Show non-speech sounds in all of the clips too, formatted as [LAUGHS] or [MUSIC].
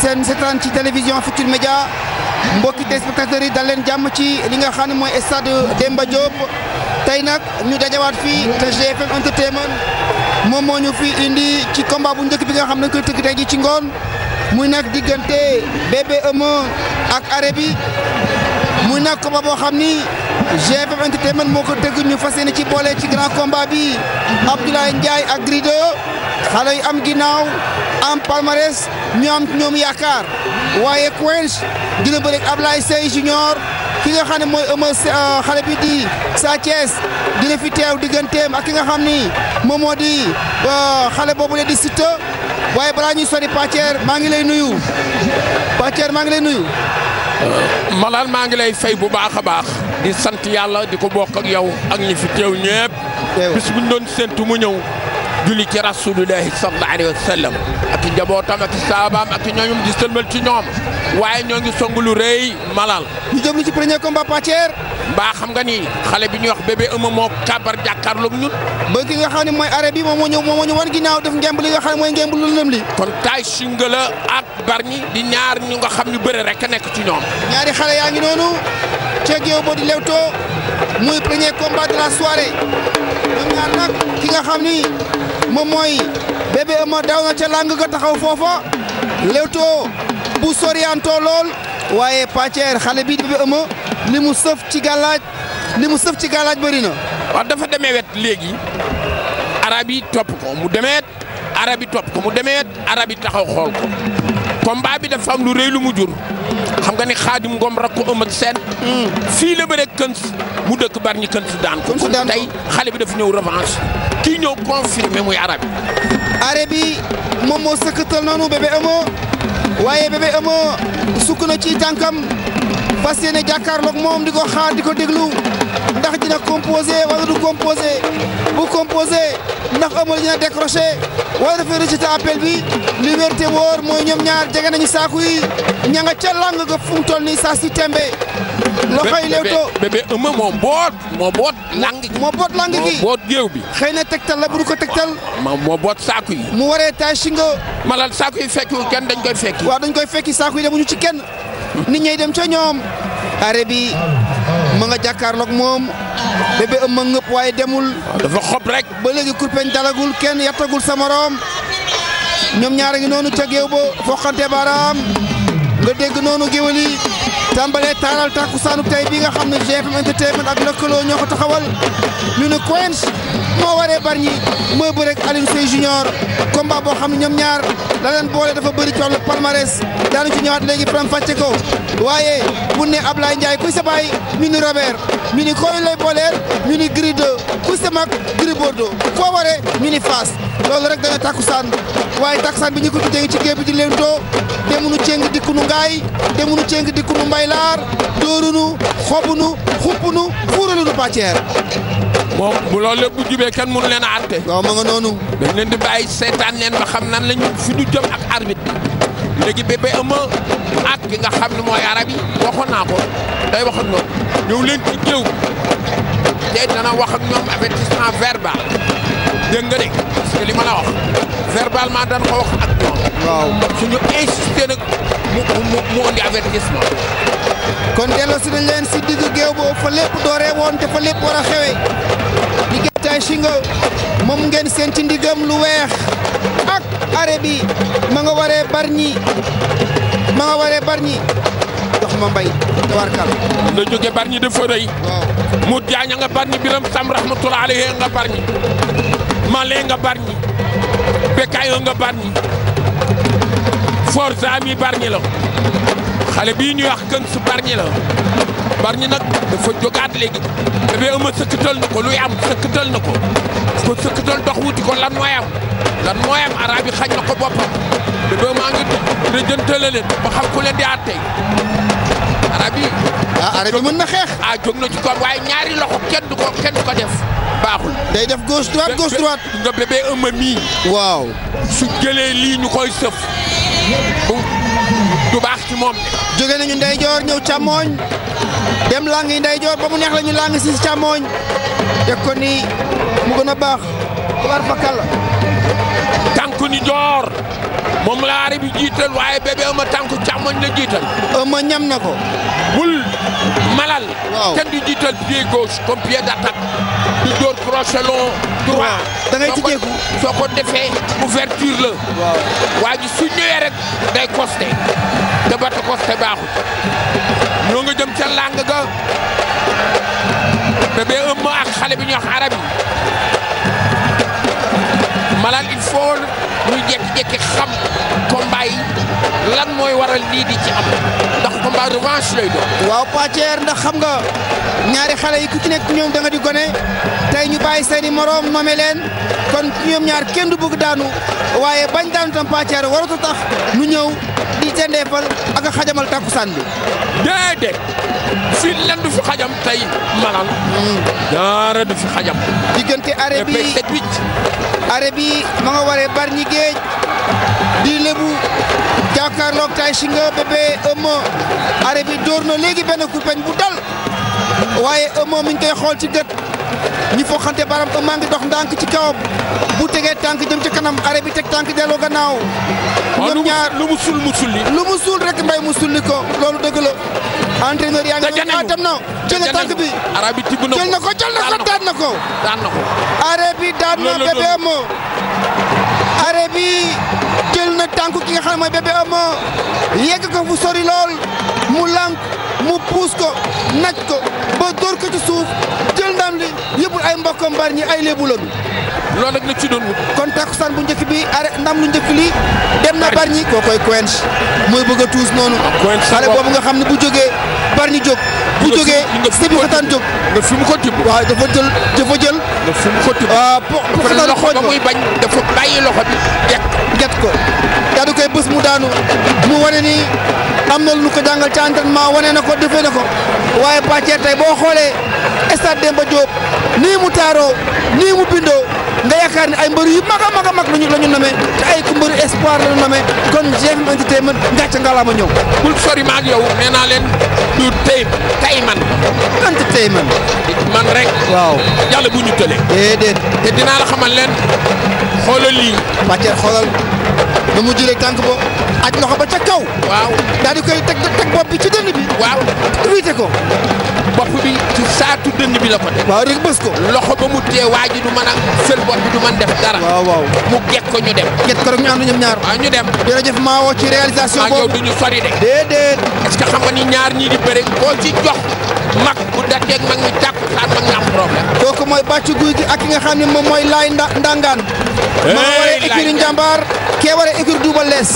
seen seetaan ci télévision Futur Média mbokki téléspectateurs yi dal leen jàmm ci li nga xam ne mooy stade Demba Diop tey nag ñu dajawaat fii te GFM Entertainment moom moo ñu fi indi ci combat bu njëkk bi nga xam ne koy tëgg tey ji ci ngoon muy nag diggante BBM ak arrêt bi muy nag combat boo xam ni GFM Entertainment moo ko tëgg ñu fas yéene ci boole ci grand komba bi Abdoulaye Ndiaye ak Grido xale yi am ginnaaw am palmarès. ñu am ñoom yaakaar waaye Quench dina bëre ak Ablaye Seye Junior ki nga xam ne mooy ëma euh, xale bi di Sa dina fi teew digganteem ak ki nga xam ni moom moo di euh, xale boobu le di Siteu waaye balaa ñuy sori Pathier maa ngi lay nuyu Pathier maa ngi lay nuyu euh, malaan maa ngi lay fay bu baax a baax di sant yàlla di ko bokk ak yow ak ñi fi teew ñëpp bis buñ doon séntu mu ñëw julli ci rasulullahi sallallahu alayhi wa sallam ak i njabootam ak i saabaam ak i ñooñum di sëlmal ci ñoom waaye ñoo ngi song rëy malal. ñu jëm ci premier combat Pathier. mbaa xam nga ni xale bi ñuy wax bébé ëmma moo kàbbar jàkkaarloog ñun. ba ki nga xam ne mooy arab bi moo moo ñu war ginnaaw def ngemb li nga xam ne mooy ngemb lu lëm li. kon taay singala ak barñi di ñaar ñu nga xam ñu bëre rek a nekk ci ñoom. ñaari xale yaa ngi noonu ceeg yow boo di lewtoo muy premier combat de la soirée ñoom ñaar nag ki nga moom mooy bébé Eumeu daw na ca làng ga taxaw foofa lewtoo bu soriantoo lool waaye Pathier xale bi bébé Eumeu li mu sëf ci gàllaaj li mu sëf ci gàllaaj bëri na. waaw dafa deme wet léegi arab yi topp ko mu demee wet arab yi topp ko mu demee arab yi taxaw xool ko. combat bi dafa am lu rëy lu mu jur xam nga ni xaadim ngom rakku ëmmat seen fii la bëre këns mu dëkk bari ñi këns daan ko daan tey xale bi dafa ñëw revanche kii ñëw confirmé muy arabe arabi moom moo sëkkatal noonu bébé ëmoo waaye bébé ëmoo sukk na ci tànkam fas yéene jàkkaarloog moom di ko xaar di ko déglu ndax dina composé wala du composé bu composé ndax amul dina décroché war a fi résultat appel bi li wér te wóor mooy ñoom ñaar jege nañu saaku yi ña nga ca lang ga fu mu toll nii saa si tembe. loxoy Leewtoo bébé ëmma moom boot moo boot lang gi moo boot lang gi boot géew bi xëy na tegtal la bu du ko tegtal moo boot saaku yi mu waree tay nga malal saaku yi fekkiwul kenn dañ koy fekki waa dañ koy fekki saaku yi demuñu ci kenn [LAUGHS] nit ñey dem ca ñoom arrêt bi ma nga jàkkaar jàkkaarloog moom bébé ëm ma ngëpp waaye demul. Ah, dafa xob rek. ba léegi kurpeñ dalagul kenn yattagul sa morom ñoom ñaar a ngi noonu ca géew ba foqante baaraam nga dégg noonu géwél yi tàmbalee taaral tàkkusaanu tey bi nga xam ne GFM entertainment ak lëkkaloo ñoo ko taxawal ñu ne Quench moo waree bari Bargny mooy bëre ak Alioune Seye Junior combat boo xam ne ñoom ñaar la leen boole dafa bëri ci wàllu palmarès daanu ci ñëwaat léegi faram fàcce ko waaye bu ne Ablaye Ndiaye kuy sa baay ñu ni Robert ñu ni koy lay booleer ñu ni Gris 2 kuy sa mag Gris Bordeaux foo waree ñu ni Fass loolu rek dana takkusaan waaye takkusaan bi ñu ko tuddee ci géej bi di leen too demunu ceng dikkunu ngaay demunu ceng dikkunu mbaylaar dóorunu xobunu xuppunu fuuralunu pàcceer moom bu loolu lépp bu jubee kenn mënu leen a àtte. waaw ma nga noonu. dañ leen di bàyyi seetaan leen ba xam nan la ñu fi ñu jëm ak arbitre bi léegi Bébé Ama ak ki nga xam ne mooy arab yi naa ko day wax ak ñoom ñëw leen ci géew te dana wax ak ñoom avertissement verbal dégg nga de parce que ma la wax verbalement dañ ko wax ak ñoom. waaw suñu insister nag mu mu mu indi avertissement. kon delloo si nañ leen si diggu géew boobu fa lépp dooree woon te fa lépp war a xewee diggante ay Shingo moom ngeen seen ci ndigam lu weex ak are bi nga waree bar ñi ma nga waree bar ñi dox ma mbay tawarkal la jóge bar ñi dafa rëy mu jaaña nga bar ñi biram sam rahmatullah alayhi nga bar ñi male nga bar ñi bekaayo nga bar ñi forza mi la xale bii ñuy wax gën su barñi la barñi nag dafa jógaat léegi bébé Eumeu sëkkatal na ko luy am sëkkatal na ko ko sëkkatal dox wuti ko lan mooy am lan mooy am araab yi xañ na ko boppam bébé maa ngi rëjëntale leen ba xam ku leen di àtte araab yi ah araab yi mën na xeex ah jóg na ci koom waaye ñaari loxo kenn du ko ko def baaxul day def gauche droite gauche droite nga bébé Eumeu mii waaw su jëlee lii ñu koy sëf du baax ci moom. jóge nañu ndeyjoor ñëw càmmooñ dem làng yi ndeyjoor ba mu neex la ñu làng si càmmooñ teg ko ni mu gën a baax war fa kàlla. tànku ni joor moom laari bi jiital waaye bébé ama tànku càmmooñ la jiital. ama ñam na ko bul. Malal. waaw kenn du jiital pied gauche comme pied d'attaque du dóor crochet long droit. da ngay soo ko defee ouverture la. waa ji su ñëwee rek day costé te ba costé baaxut. ñoo nga jëm ca làng ga bébé ëmm ak xale bi ñuy wax arab yi Malal il faut. muy jekki-jekki xam combat yi lan mooy waral lii di ci am ndax combat revanche lay doon. waaw Pathier ndax xam nga ñaari xale yi ku ci nekk ñoom da di gone tey ñu bàyyi seen i moroom nome leen kon ñoom ñaar kenn du bëgg daanu waaye bañ daanu tam Pathier waratu tax nu ñëw di tendeefal ak a xajamal takkusaan bi. déedéet fi lan du fi xajam tey magal dara du fi xajam diggante arrêt bi arrêt bi ma nga waree bar ñi géej di lebu jàkkaarloog tay si nga bébé ëmma arrêt bi dóor na léegi benn kurpeñ bu dal waaye ëmma mi ngi koy xool ci gët ñi foo xante baram ëmmaa ngi dox ndànk ci kawam bu tegee tànk jëm ci kanam arrêt bi teg tànk delloo gannaaw ñoom ñaar lu mu sul mu sulli lu mu suul rek mbay mu sulli ko loolu dëgg la entraîneur yaa ngi ne atam na jël tànk bi na ko jël na ko jël na ko daan na ko arab bi daan na bébé Omo arab bi jël na tànk ki nga xam ne mooy bébé Omo yegg ko fu sori lool mu lànk mu puus ko naj ko ba dóor ko ci suuf jël ndam li yëppul ay mbokkam mbar ay léebu lañu loolu rek la ci doon wut. kon takkusaan bu njëkk bi are ndam lu njëkk li dem na bari ñi koo koy Quench muy bëgg a tuus noonu. xale boobu nga xam ne bu jóge Bargny jóg bu jógee Sëbi Xataan jóg nga fi mu ko tibb waaw dafa jël dafa jël nga fi mu ko tibb waaw ah, loxo ba muy bañ dafa bàyyi loxo bi get get ko daa di koy bés mu daanu mu wane ni am na lu ko jàngal ci entraînement wane na ko defee na ko waaye Pathé tey boo xoolee stade ba Diop nii mu taaroo nii mu bindoo nga yaakaar ne ay mbër yu mag a mag a mag lañu la ñu nomee te ay ku mbëru espoir la ñu nomee kon GFM Entertainment gàcce ngalaama ñëw. bul sori ma ak yow nee naa leen du tey tey man. Entertainment. man rek. waaw yàlla bu ñu tëlee. déedéet. te dinaa la xamal leen xoolal lii. pàcceel xoolal nu mu jëlee tànk bo aj loxo ba ca kaw. waaw daal di koy teg teg bopp bi ci dënn bi. waaw wiite ko. bopp bi ci saatu dënn bi la ko def. waaw rek bës ko. loxo ba mu tee waa du mën a bor bi du mën def dara. waaw waaw mu get ko ñu dem. get ko rek ñu ànd ñoom ah, ci réalisation boobu de. déedéet. parce que xam nga ni ñaar ñii di bëri koo ci jox mag bu dateeg mag mi tàkku xaar mag ñu am problème. kooku mooy bàcc gi ak nga xam moom mooy laay nda ndangaan. laay maa waree écurie njàmbaar. kee waree écurie Double Less.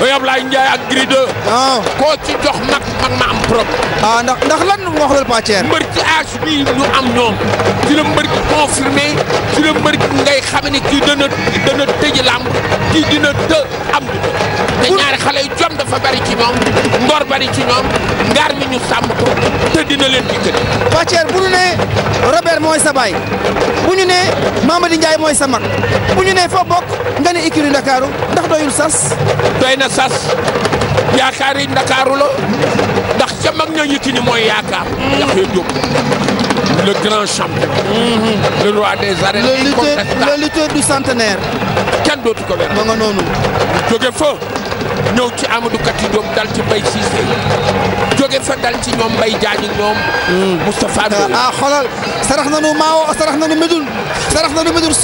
yooyu Ablaye Ndiaye ak Gris 2. waaw ah. koo ci jox mag mag ma am problème. ah ndax ndax lan nga wax loolu bi ñu am ñoom ci la mbër confirmé ngay xam ni kii dana dana tëj làmb kii dina të am. te ñaari xale yi jom dafa bari ci ñoom ngor bari ci ñoom ngaar mi ñu sàmm ko te dina leen di tëj. Pathier bu ñu nee Robert mooy sa baay bu ñu nee Mamady Ndiaye mooy sa mag bu ñu nee foo bokk nga ne écurie Ndakaaru ndax doyul sas. doy na sas yaakaar yi la ndax ca mag ña Yékini mooy yaakaar. ndax jóg. le grand champion. le roi des arènes. le lutteur le lutteur du centenaire. kenn dootu ko weer. ma nga noonu. jóge fa ñëw ci Amadou Kati Diop dal ci Mbaye Cissé jóge fa dal ci ñoom Mbaye Diagne ñoom. Hmm. Moustapha Ndoye ah na nu Maawo sarax na nu Médoune sarax na nu Médoune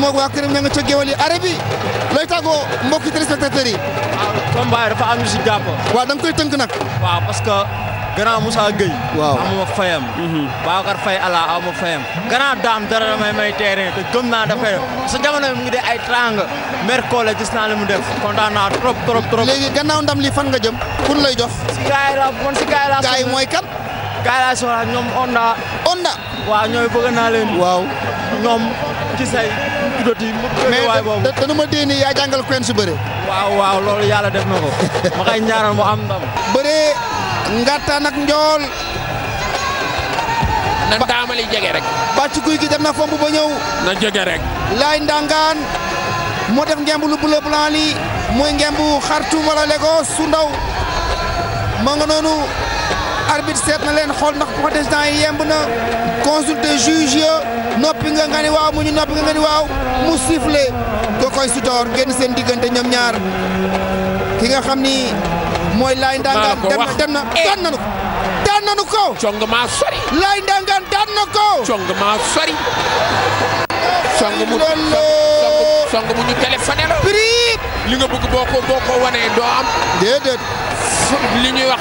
moog waa a ña nga ca géwal yi arabi looy tàggoo mbokki yi. waaw ah, combat waaw da nga koy tënk nag. waaw parce que. grand Moussa Gueye. waaw amuma fayam. Mhm. Babacar fayam. grand daam dara damay may terrain te gëm naa dafay sa jamono mi ngi de ay trang mercole gis naa li mu def kontaan trop trop trop. léegi gannaaw ndam li fan nga jëm. kun lay jox. si gars yi la man si gars yi ñoom Onda. Onda. waaw ñooy bëgg naa leen. waaw ñoom ci mais dana ma dee ni yaa jàngal Quench si bëre. waaw waaw loolu yàlla def na ko. ma koy ñaanal mu am ndam. bëre ngattaan ak njool. nan daamali jege rek. bàcc guy gi dem na fomb ba ñëw. na jege rek. laay ndangaan moo def ngemb lu bleu blanc li muy ngemb xartum wala Lagos su ndaw ma nga noonu arbitre seet na leen xool ndax protestant yemb na consulte juge noppi nga nga ni waaw mu noppi nga nga ni waaw mu sifflé Kokoy Sitor génn seen diggante ñoom ñaar ki nga xam ni mooy Laye Ndangaan dem na eh. daan nanu ko daan nanu sori Laye Ndangaan daan na ko cong maa sori song mu song mu ñu téléphoné la li nga bëgg boo ko boo ko doo am déedéet li ñuy wax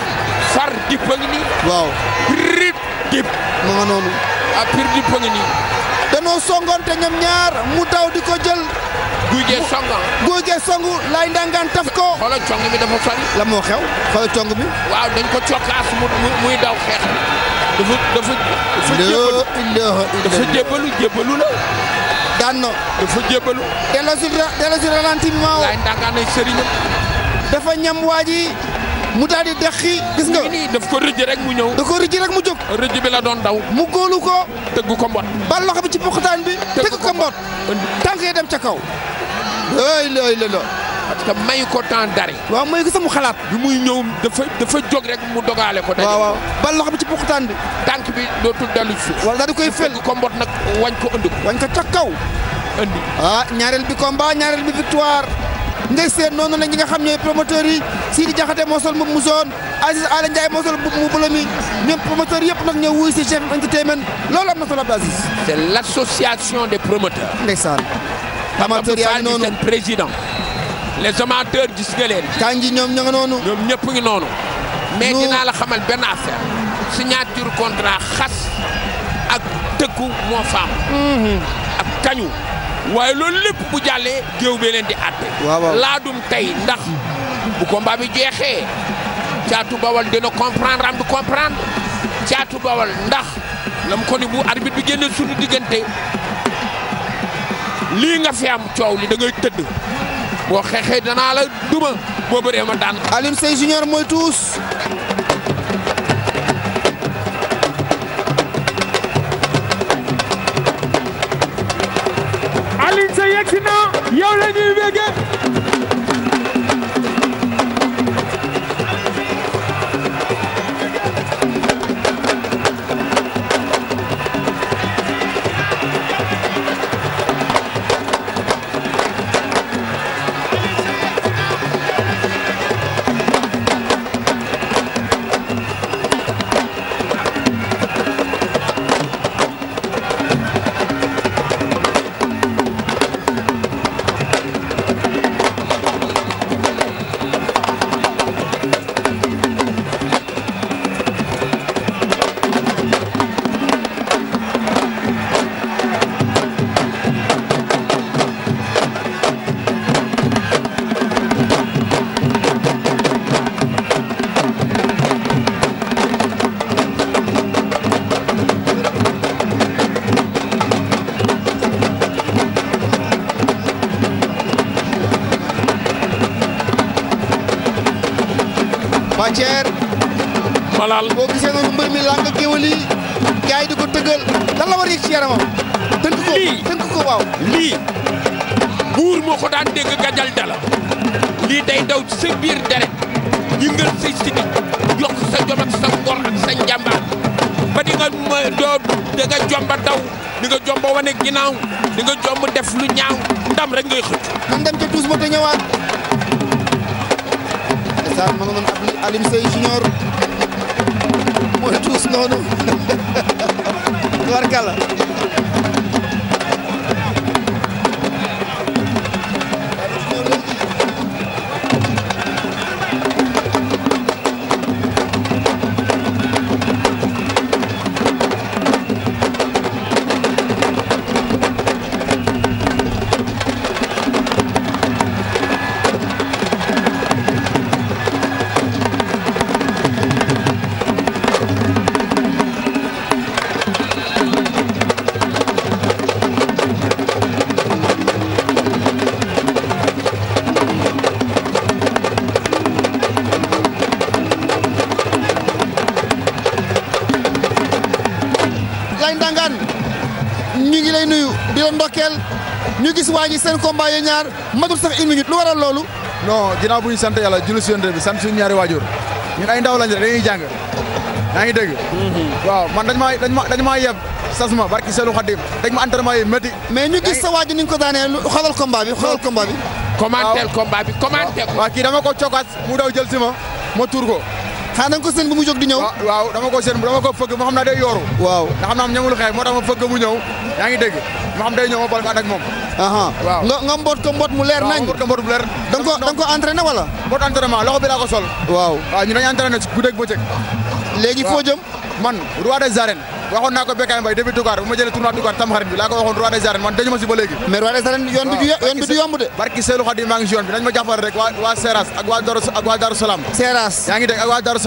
far dippa ngi nii waaw prip dip ma nga noonu ah dippa ngi nii danoo songoonte ñoom ñaar mu daw di ko jël. guy gee song guy gee songu laay ndangaan taf ko. xoolal cong bi dafa sori. la moo xew xoolal cong bi. waaw dañ ko cokkaas mu muy daw xeex dafa dafa. dafa jébbalu jébbalu la. daan na dafa jébbalu. delloosi delloosi ralenti bi ma woo. laay ndangaan ay sëriñam. dafa ñam waa ji mu daal di deqi. gis nga daf ko rëjj rek mu ñëw. da ko rëjj rek mu jóg. rëjj bi la doon daw. mu góolu ko. tëgg ko mbot. bal loxo bi ci poqataan bi. tëgg ko mbot tànk yi dem ca kaw. looy looy looy. parce que may ko temps d'arrêt. waaw may sama xalaat. bi muy ñëw dafa dafa jóg rek mu dogaale ko. daje waaw bal loxo bi ci poqataan bi. tànk bi dootul dellu suuf. wala daal koy fel ko mbot nag wañ ko ënd wañ ko ca kaw. ëndi. Ah, ñaareel bi combat ñaareel bi victoire. ngay seen noonu la ñi nga xam ñooy promoteurs yi Sidi Diakhaté moo sol mbub mu zone Aziz Ala Ndiaye moo sol mbub mu bële mi ñoom promoteurs yëpp nag ñoo wuy si chef entertainment loolu am na solo Abdou Aziz. c'est l'association des promoteurs. ndeysaan. amateurs yaa ngi noonu président. les amateurs gis nga leen. kanji ñoom ña nga noonu. ñoom ñëpp ngi noonu. mais naa la xamal benn affaire. signature contrat xas ak tëkku moo faam. Mhm. ak kañu. waaye loolu lépp bu jàllee géew bee leen di àtte laadum tey ndax bu combat bi jeexee caatu bawal dina comprendre am du comprendre caatu bawal ndax lam ko ni bu arbitre bi génne suñu diggante lii nga fi am coow li dangay tëdd boo xeexee danaa la duma boo bëree ma daan Alioune Seye Junior mooy yow la ñuy béggee yaramam. tënk ko tënk ko waaw lii buur moo ko daan dégg gajal dala lii day daw ci sa biir deret yëngal say sidi yokk sa jom ak sa ngor ak sa njàmbaar ba di nga doo di nga jomba daw di nga wane ginnaaw di nga jomb def lu ñaaw ndam rek ngay xëcc. man dem ca douze ba te ñëwaat. ndeysaan ma nga doon Alioune Seye Junior mooy tuus noonu. war [LAUGHS] kàlla. seen combat yi ñaar matul sax une minute lu waral loolu. non ginnaaw bu ñu sant yàlla julli si yonent bi sant suñu ñaari waajur ñun ay ndaw lañ rek dañuy jàng yaa ngi dégg. Mhm. waaw man dañ maa dañ maa dañ maa yeb sas ma barki seenu Xadim dañ ma entraînement yi métti. mais ñu gis sa waajur ni ñu ko daaneel xoolal combat bi xoolal combat bi. commentaire combat bi commentaire ko. waaw kii dama ko cokaas mu daw jël si ma ma tuur ko. xanaa da nga ko seen bu mu jóg di ñëw. waaw dama ko seen dama ko fëgg ma xam naa day yooru. waaw ndax xam naa ñamul xeex moo tax ma fëgg mu ñëw yaa ngi dégg ma xam day ñëw ma bal ko ànd ak moom waaw nga nga mboot ko mboot mu leer nañ mboot ko mboot mu leer da nga loxo bi ko sol waaw waaw ñu dañ entraîné guddeeg léegi foo jëm man roi des arènes waxoon naa ko Bécaye Mbaye début Dugar bu ma jëlee tournoi Dugar tam xarit bi laa ko waxoon roi des arènes man dañu ma si ba léegi mais roi des arènes yoon bi yoon yomb de barki Seydou Khadim maa ngi si rek waa waa Seras waa Daru ak waa ngi dégg ak waa Daru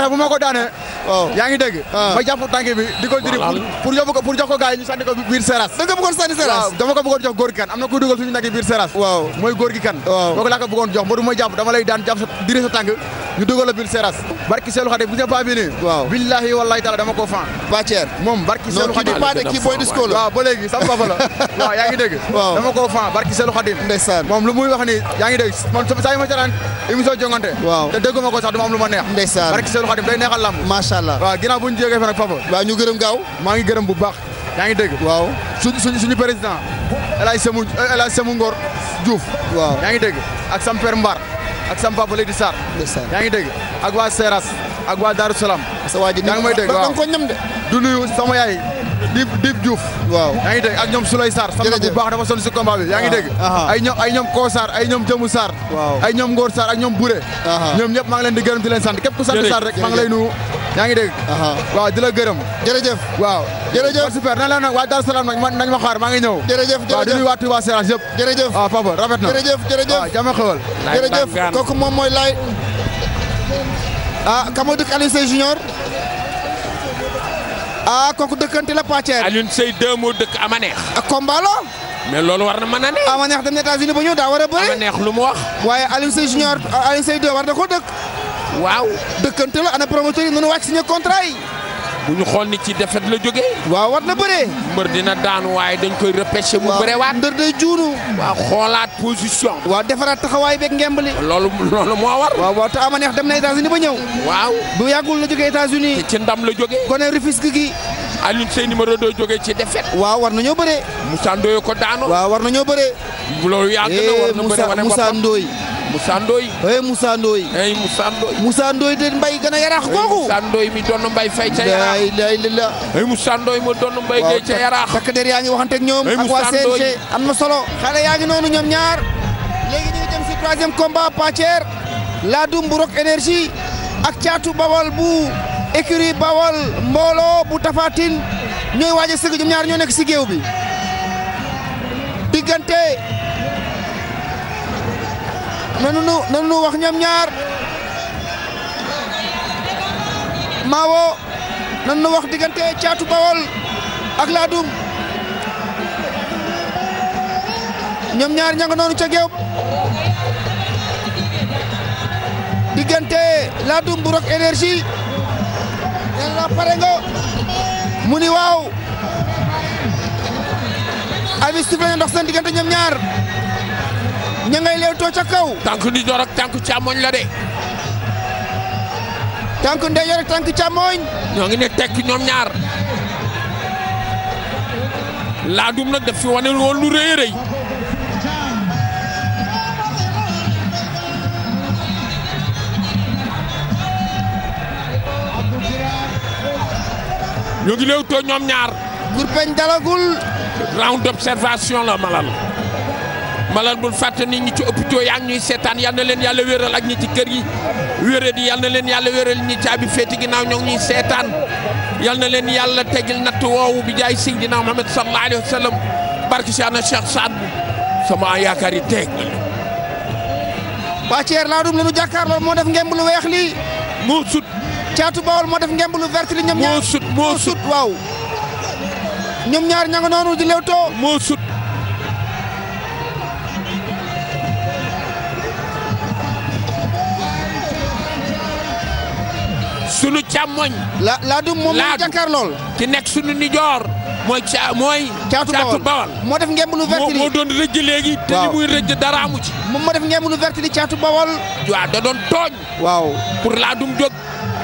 Salaam [LAUGHS] waaw yaa ngi dégg ah. ma jàpp tànk bi di ko diri pour yóbbu ko pour jox ko gars yi ko biir seras da nga bëggoon sànni dama ko bëggoon jox góor gi kan am na kuy dugal suñu nag biir seras waaw mooy góor gi kan waaw kooku laa ko jox ba ma jàpp dama lay daan jàpp sa diri sa tànk ñu dugal a biir Seras barki Seelu Xadim bu ñu pas waaw billahi wallahi taala dama ko fan Pathier moom barki Seelu Xadim pas de kii booy la waaw ba léegi sama papa la [LAUGHS] waaw yaa ngi dégg dama ko fan barki muy wax ni yaa ngi dégg saa yu ma saraan émission jongante waaw te dégguma ko sax dama am lu ma neex ndeysaan barki Seelu Xadim day neexal lamb macha allah waaw ginnaaw bu ñu jógee fa nag papa ñu gërëm gaaw maa ngi gërëm bu baax yaa ngi dégg waaw suñu suñu ak sama papa Leydi Sarr. yaa ngi dégg ak waa Seras ak waa Darou Salaam. sa waa ji yaa ngi may dégg waaw da nga du nuyu sama yaay Dib Dib Diouf. waaw yaa ngi dégg ak ñoom Souley Sarr. sama bu baax dafa sonn si combat bi yaa ngi dégg. ay ñoom ay ñoom Koo Sarr ay ñoom Jëmu Sarr. ay ñoom Ngor Sarr ak ñoom Bure. ñoom ñëpp maa ngi leen di gërëm sant képp ku sant Sarr rek maa ngi ñaa ngi dégg waaw di gërëm jërëjëf waaw jërëjëf super na la na waa Darou Salaam nañ ma xaar maa ngi ñëw jërëjëf waaw di nuyu waa Touba Seras yëpp jërëjëf waaw papa rafet na jërëjëf jërëjëf waaw jàmm kooku moom mooy laay ah kamo dëkk Alioune Seye junior ah kooku dëkkante la Pathier Alioune Seye deux mu dëkk Amaneex ak ah, combat na a ne Amaneex dem na ba ñëw daa war a bëri lu waaye Alioune Seye junior Alioune Seye deux war na ko dëkk waaw dëkkante la ana promoteur yi nañu wàcc signé contrat yi. bu ñu xool ni ci defet la jóge waaw war na bëree. mbër dina daanu waaye dañ koy repêché. mu bëree waat mbër day juunu. waaw xoolaat position. waaw defaraat taxawaay beeg ngemb li. loolu loolu moo war. waaw waaw te ama neex dem na États-Unis ba ñëw. waaw bu yàggul la jógee États-Unis te ci ndam la jógee. gone Rufisque gi. Alioune Seye numéro doo jógee ci defet. waaw war na nañoo bëree. Moussa Ndoye ko daanoo. waaw war nañoo bëree. loolu yàgg na war na eh, bëree wane Moussa Ndoye. Moussa Ndoye eh Moussa Ndoye eh Moussa Ndoye Moussa Ndoye de mbay gën a yaraax googu mi doon mbay fay ca yaraax la ilaha yaa ngi waxante ñoom ak waa CNG am na solo xale yaa ngi noonu ñoom ñaar léegi ñu jëm si troisième combat Pathier Ladoum bu Rock Énergie ak caatu Bawol bu écurie Bawol mbooloo bu Tafatine ñooy waaj a ñoom ñaar ñoo nekk si géew bi diggante nanu nu nanu wax ñoom ñaar Mawo nanu nu wax diggante caatu bawol ak laadum ñoom ñaar ña nga ca géew diggante laadum bu rok énergie nen la pare mu ni waaw abi sif ndox seen diggante ñoom ñaar ña ngay leewtoo ca kaw. tànk ndijoor ak tànk càmmoñ la de. tànk ndeyjoor ak tànk càmmoñ. ñoo ngi ne tekk ñoom ñaar. laadum nag daf fi wane woon lu rëy rëy. ñoo ñoom ñaar. Gurpeñ dalagul. round d'observation la malal. malal bul fàtte nit ñi ci hôpitaux yaa ngi ñuy seetaan yal na leen yàlla wéral ak ñi ci kër yi wéré di yal na leen yàlla wéral ñi caabi féeti ginnaaw ñoo ngi seetaan yal na leen yàlla tegil natt woowu bi jaay Seydina Muhammad sallallahu alayhi wa sallam barke si ana Cheikh Saad sama yaakaar yi teeg waa Ceer Ladoum la ñu jàkkaarloo moo def ngemb lu weex lii. moo sut. caatu Bawol moo def ngemb lu vert li ñoom ñaar moo sut moo sut waaw. noonu di lewtoo. sunu càmmoñ. la laadum moom la ñu jàkkaarlool. ki nekk sunu nijoor. mooy caatu bawal moo def ngemb lu vert li moo doon rëcc léegi. waaw te li muy amu ci. moom moo def ngemb lu vert li caatu bawal. doon tooñ. waaw pour laadum jóg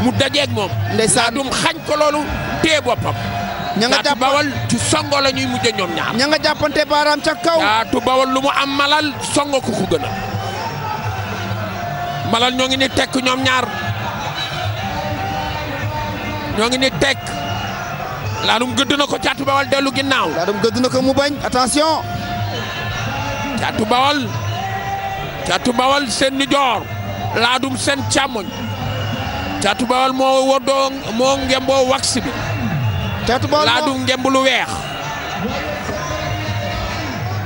mu dajeeg moom. ndeysaan laadum xañ ko loolu téye boppam. ña nga jàpp bawal ci songo la ñuy mujj ñoom ña nga jàppante baaraam ca kaw. caatu bawal lu mu am malal songo ko ku gën malal ñoo ngi ni ñoom ñaar. ñoo ngi ni tek laadum gëdd na ko caatu dellu ginnaaw. laadum gëdd na ko mu bañ attention. caatu bawal seen nijoor laadum seen càmmoñ caatu bawal moo woddoo moo ngemboo wax laadum ngemb lu weex.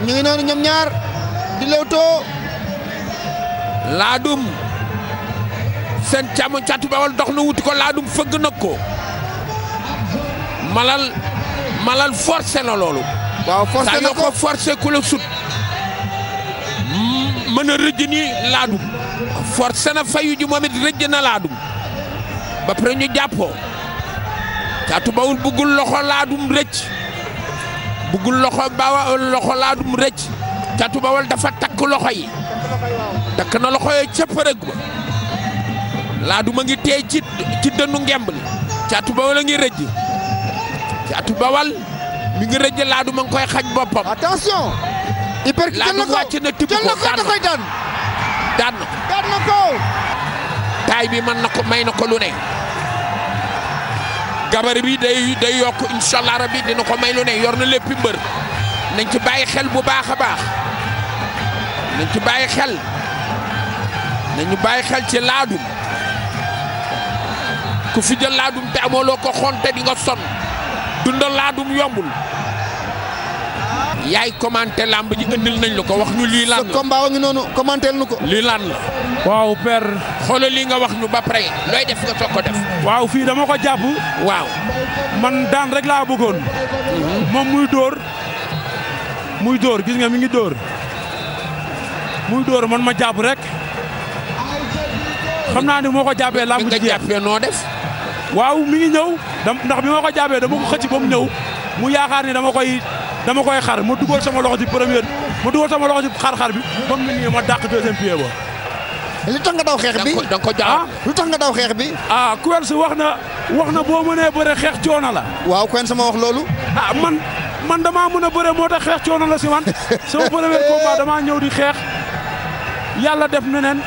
ñu ngi noonu ñoom ñaar di lewtoo. laadum seen càmmoñ caatu bawal dox na wuti ko laadum fëgg na ko. malal malal forcé na loolu. waaw forcé na ko forcé ku la sut. mën a rëjj ni laadum forcé na fayu ji it rëjj na laadum ba pare ñu jàppoo caatu bawul bëggul loxo laadum rëcc bëggul loxo bawa loxo laadum rëcc caatu bawul dafa takk loxo yi takk na loxo yi ca përëg ba laadum a ngi teey ci ci dënnu ngemb li caatu a ngi rëjj atu bawal mi ngi rëjalaadu ma ngi koy xaj boppam. attention. hyper na ko wàcc na tibb ko daan daan na ko taay bi mën na ko may na ko lu ne. gabar bi day day yokk incha allah dina ko may lu ne yor na léppi mbër nañ ci bàyyi xel bu baax a baax nañ ci bàyyi xel nañu bàyyi xel ci laadum ku fi jël laadum te amoo loo ko xonte di nga dundal laadum yombul. yaay commenté làmb ji ëndil nañ la ko wax ñu lii lan la noonu commenté nu ko. lii lan la. waaw père. xoolal lii nga wax ñu ba pare looy def nga soog ko def. waaw fii dama ko jàpp. waaw. man daan rek laa bëggoon. moom muy dóor. muy dóor gis nga mi ngi dóor. muy dóor man ma jàpp rek. xam naa ni moo ko jàppee lamb ji nga jàppee noo def. waaw mi ngi ñëw ndax bi ma ko jàppee dama ko xëcc ba mu ñëw mu yaakaar ni dama koy dama koy xar ma dugal sama loxo ci première ma dugal sama loxo ci xar-xar bi comme ni nii ma dàq deuxième pied ba. lu tax nga daw xeex bi da nga ko jaaxal ah? lu tax nga daw xeex bi. ah Quench wax na wax na boo mënee bëre xeex coono la. waaw Quench sama wax loolu. ah man man damaa mën a bëre moo tax xeex coono la si man [LAUGHS] sama premier combat damaa ñëw di xeex yàlla def neneen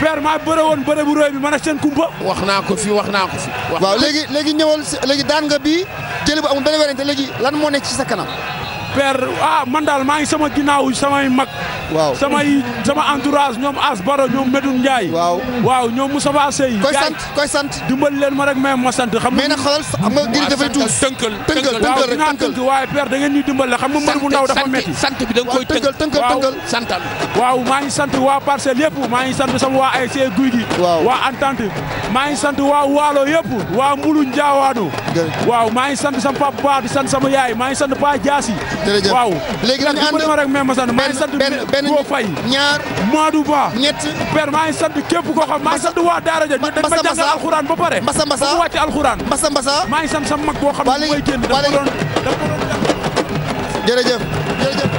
père maa bëre woon bëre bu rëy bi man ak seen kumpa. wax naa ko fi wax naa ko fi. waaw léegi léegi si léegi daan nga bii jëli bu amul benn werante léegi lan moo nekk ci sa kanam. père ah man daal maa ngi sama ginnaaw samay mag. waaw samay sama entourage ñoom As Baro ñoom Medoune Ndiaye. waaw waaw ñoom Moustapha Seye. koy sant koy sant dimbali leen ma rek may ma sant. xam nga mais nag xoolal xam nga ngir dafay tuus. tënkal tënkal waaw dinaa tënk waaye père da ngeen ñuy dimbali xam nga mbër bu ndaw dafa metti sant bi da nga koy tënkal tënkal tënkal santal. waaw maa ngi sant waa parcelle yëpp maa ngi sant sama waa ASC Guy gi. waaw waa Entente maa ngi sant waa Waalo yëpp waa Mbulu Njaawaanu. waaw maa ngi sant sama papa di sant sama yaay maa ngi sant Paa Jaasi jërëjëf waaw léegi nag ànd ma rek même sant maa ngi sant benn boo fay ñaar Modou Ba ñett père maa ngi sant képp koo xam maa ngi sant waa daara ja ñu dañ ma jàngal alxuraan ba pare mbasa mbasa bu wàcc alxuraan mbasa mbasa maa ngi sant sama mag boo xam ne mooy génn dafa doon dafa doon jërëjëf jërëjëf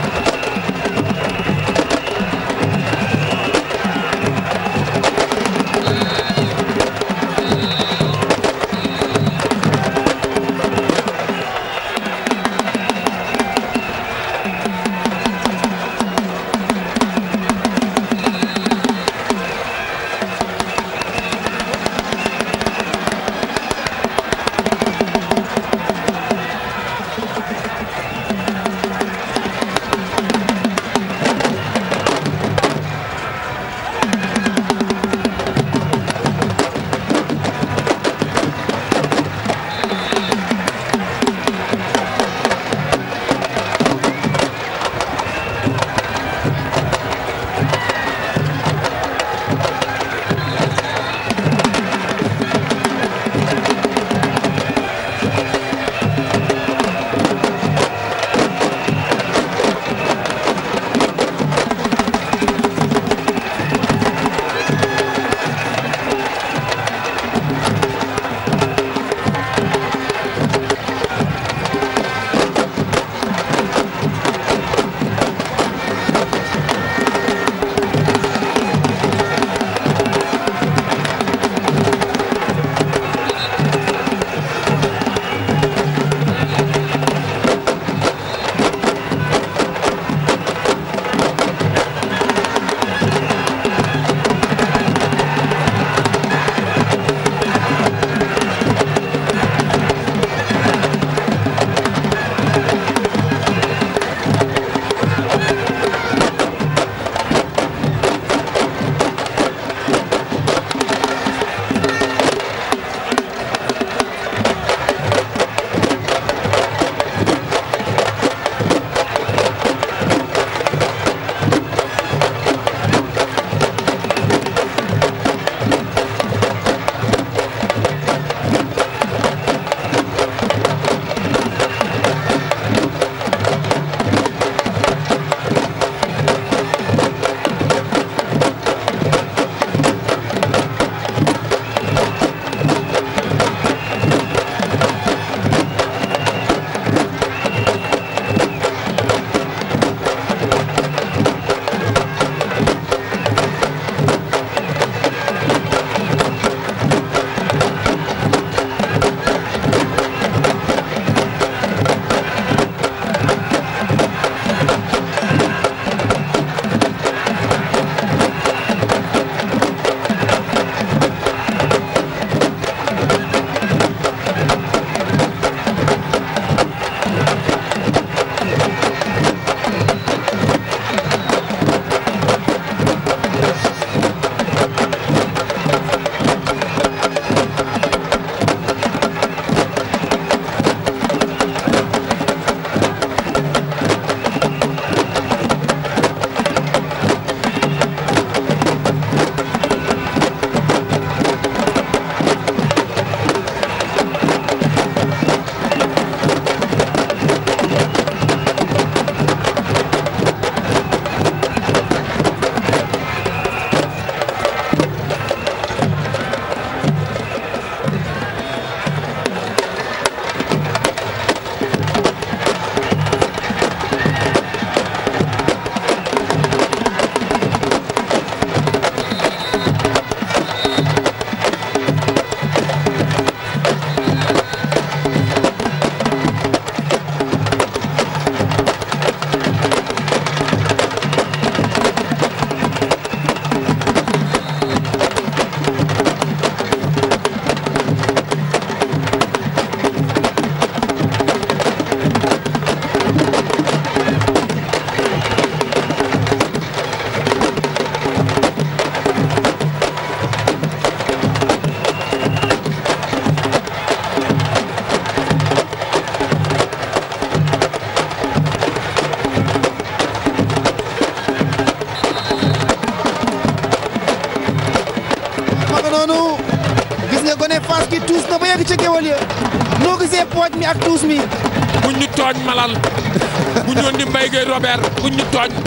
ni Mbaye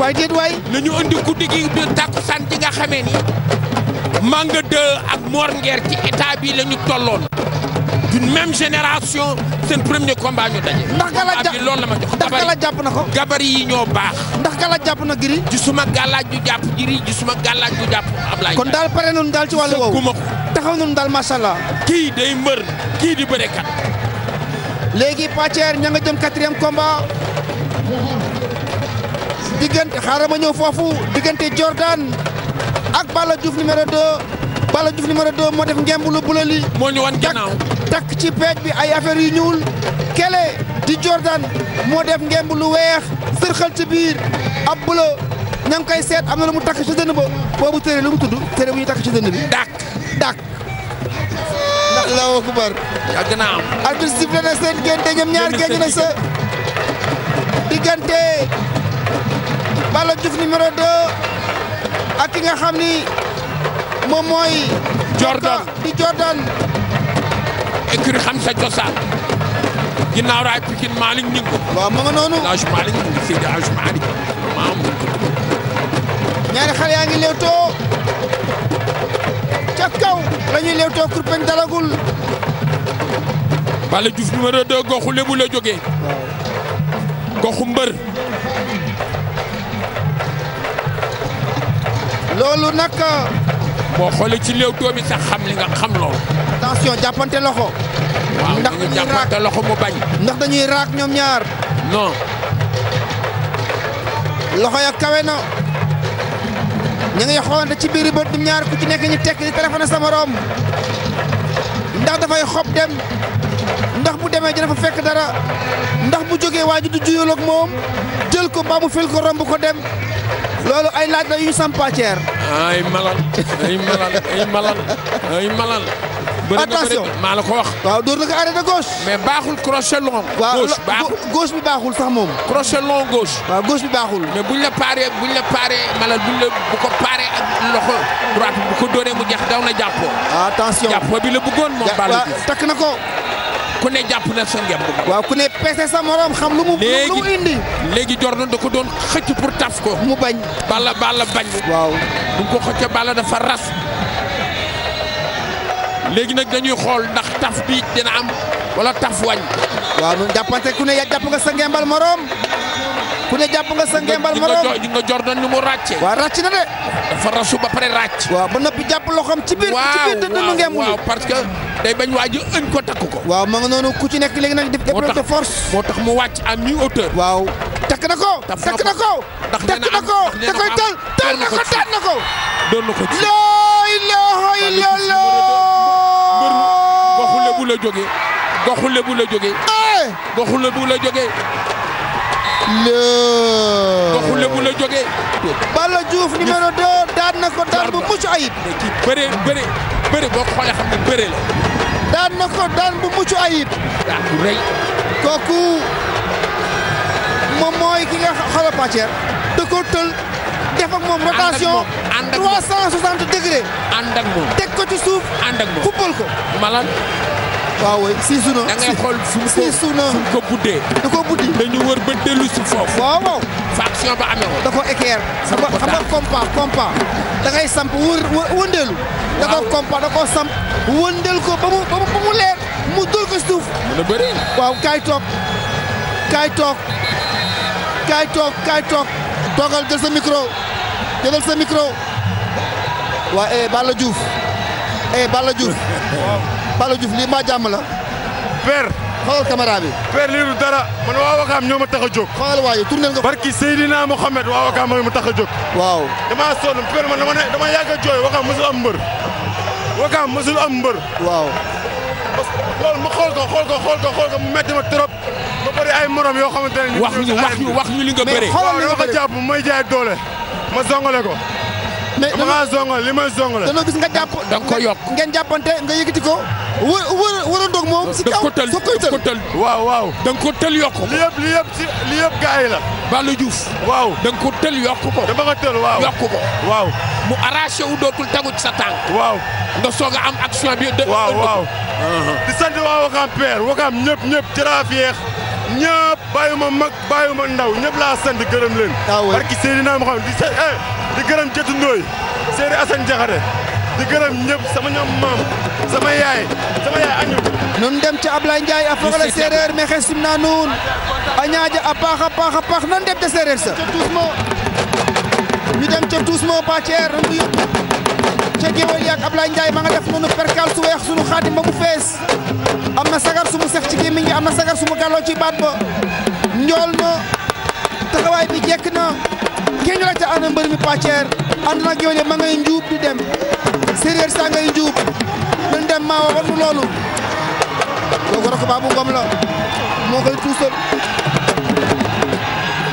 waay déet waay. la ñu andi guddi gi bi tàkkusaan gi nga xamee ni Manga 2 ak Mor Ngeer ci état bi la ñu tolloon. d'une même génération seen premier combat ñu daje. ndax gala jàpp la jàpp na ko gabari yi ñoo baax. ndax gala jàpp na giri. suma gàllaaj ju jàpp giri gisuma gàllaaj ju jàpp Ablaye. kon daal pare nañu daal ci wàllu woowu taxaw nañu daal macha allah. kii day mbër kii di bërekat. léegi Pathier ña nga jëm quatrième combat. diggante xaaral ma ñëw foofu diggante Jordan ak Balla Diouf numéro 2 Balla Diouf numéro doo moo def ngemb lu bula li moo ñu wan gannaaw takk ci peej bi ay affaire yu ñuul kele di Jordan moo def ngemb lu weex sërxal ci biir ab bula ña koy seet am na lu mu takk ci dënn ba boobu tëre lu mu tudd tere bu ñu takk ci dënn bi dàkk dàkk Allahu akbar yàgg naa am arbitre sifflé na seen génte ñoom ñaar génn sa diggante Balla Diouf numéro ak ki nga xam ni moom mooy. Jordan di Jordan. écurie xam sa cosaan ginnaaw raay Pikine Malick ni ko. waaw ma noonu. Elhadji Malick mu ngi Seydi Elhadji Malick maam ñaari xale yaa ngi léewtoo ca kaw la ñuy dalagul. Balla Diouf numéro 2 goxu lébu la jógee. goxu mbër loolu nag boo xoolee ci Leewtoo bi sax xam li nga xam loolu attention jàppante loxo waaw ndax dañuy jàppante loxo mu bañ ndax dañuy raak ñoom ñaar non loxo ya kawe na ña ngi xoolante ci biir bët ñaar ku ci nekk ñu tekk di téléphone sama morom ndax dafay xob dem ndax bu demee dina fa fekk dara ndax bu jógee waa ji du juyaloog moom jël ko ba mu fil ko romb ko dem loolu ay laaj la yu ñu sampaaceer. ay malal ay malal ay malal ay malal. attention maa la ko wax. waaw dóor na ko arrêté gauche. mais baaxul crochet long. gauche baaxul gauche bi baaxul sax moom. crochet long goos waaw gauche bi baaxul. mais buñ la paree malal buñ la bu ko paree ak loxo droite bu ko dooree mu jeex daw na jàpp attention jàppoo bi la bëggoon moom. baalu takk na ko. ku ne jàpp na sa ngem bu waaw ku ne pese sa morom xam lu mu. lu mu indi léegi Jordan da ko doon xëcc pour taf ko. mu bañ Balla Balla bañ. waaw bu ko xëcc Balla dafa ras. léegi nag dañuy xool ndax taf bi dina am wala taf wañ. waaw ñun jàppante ku ne ya jàpp nga sa ngembal morom. ku ne jàpp nga sa ngembal morom di nga Jordan ni mu ràcce. waaw ràcc na de. dafa rasu ba pare ràcc. waaw ba noppi jàpp loxoom ci biir. ci waaw waaw parce que. day bañ waaj a ëñ ko takk ko. waaw moo nga noonu ku ci nekk léegi nag. def de force moo tax mu wàcc à mi-hauteur. waaw takk na ko. takk na ko ndax nee na ko da koy tal tal ko tal na ko. doon na ko ci laa ilaaha illallaah. goxu lebu la la jógee. goxu lebu la jógee. Eh! lëëëë. goxu lebu la daan na ko daan bu mucc ayib. bëre bëre boo ko xam bëre la. daan na ko daan bu mucc ayib. daan kooku moom mooy ki nga xoolal pàcceer. da def ak moom rotation. ànd ak moom 360 teg ko ci suuf. ànd ko. malan waaw siisu na da ngay xool fu mu ko siisu na fu mu ko buddee. da koo buddi dañu wër ba dellu si foofu. waaw waaw. faction ba amee woon. da koo équerre. xam nga xam nga compa da samp wër wëndeelu. da koo compa da koo samp wëndeel ko ba mu leer mu dóor ko suuf. mën waaw kaay toog kaay toog kaay toog kaay toog. toogal jël sa micro jëlal sa micro. waa eh Balla Diouf eh Balla Diouf. [LAUGHS] Balla Diouf lii mbaa jàmm la. père. xoolal caméra bi. père lii du dara man waa Wakaam ñoo ma tax a jóg. xoolal waaye tourné nga. barki Seydina Mohamed waa Wakaam ma tax a jóg. waaw damaa sonn père man dama ne dama yàgg a jooy Wakaam mosul am mbër. Wakaam mosul am mbër. waaw. parce ma xool ko xool ko xool ko xool ko mu métti ma trop. ba bëri ay morom yoo xamante ne. ñu wax ñu wax ñu li nga bëree. mais xoolal li may jaay doole ma zongale ko. dama zongo li ma zongo la dama gis nga jàpp da nga ko yokk ngeen jàppante nga yëkkati ko wër wër wër ndoog moom si kaw da nga ko tël waaw waaw da nga ko tël yokk ko li yëpp li yëpp ci li yëpp gars yi la Balla Diouf waaw da nga ko tël yokk ko dama ko tël waaw yokk ko waaw mu arraché wu dootul tegu ci sa tànk waaw nga soog a am action bi waaw waaw uh-huh. di sant waa Wakaam père Wakaam ñëpp ñëpp jaraaf yeex ñëpp bàyyuma mag ma ndaw ñëpp laa sant gërëm leen. waaw ah barki Seydina Mohamed di sant eh, di gërëm Jatu Ndooy di gërëm ñëpp sama ñoom maam sama yaay añu nun dem ci Ablaye Ndiaye a fogole séeréer me xestim na nuun a ñaaja a paax a paax a paax nan dem te séeréer sa ñu dem ca Tousmo Bacer nu yóbbu ca géwél yaak Ablaye Ndiaye ma nga def noonu perkal su weex sunu xaadim ba mu fees am na sagar su mu sex ci gémmiñ gi am na sagar su mu gàlloo ci baat ba njool na taxawaay bi jekk na kenn la ca ànd mbër mi pàcceer ànd nag yow ne ma ngay njuub di dem séeréer saa ngay njuub duñ dem maa waxoon nu loolu kooku rek baabu ngom la moo koy tuusal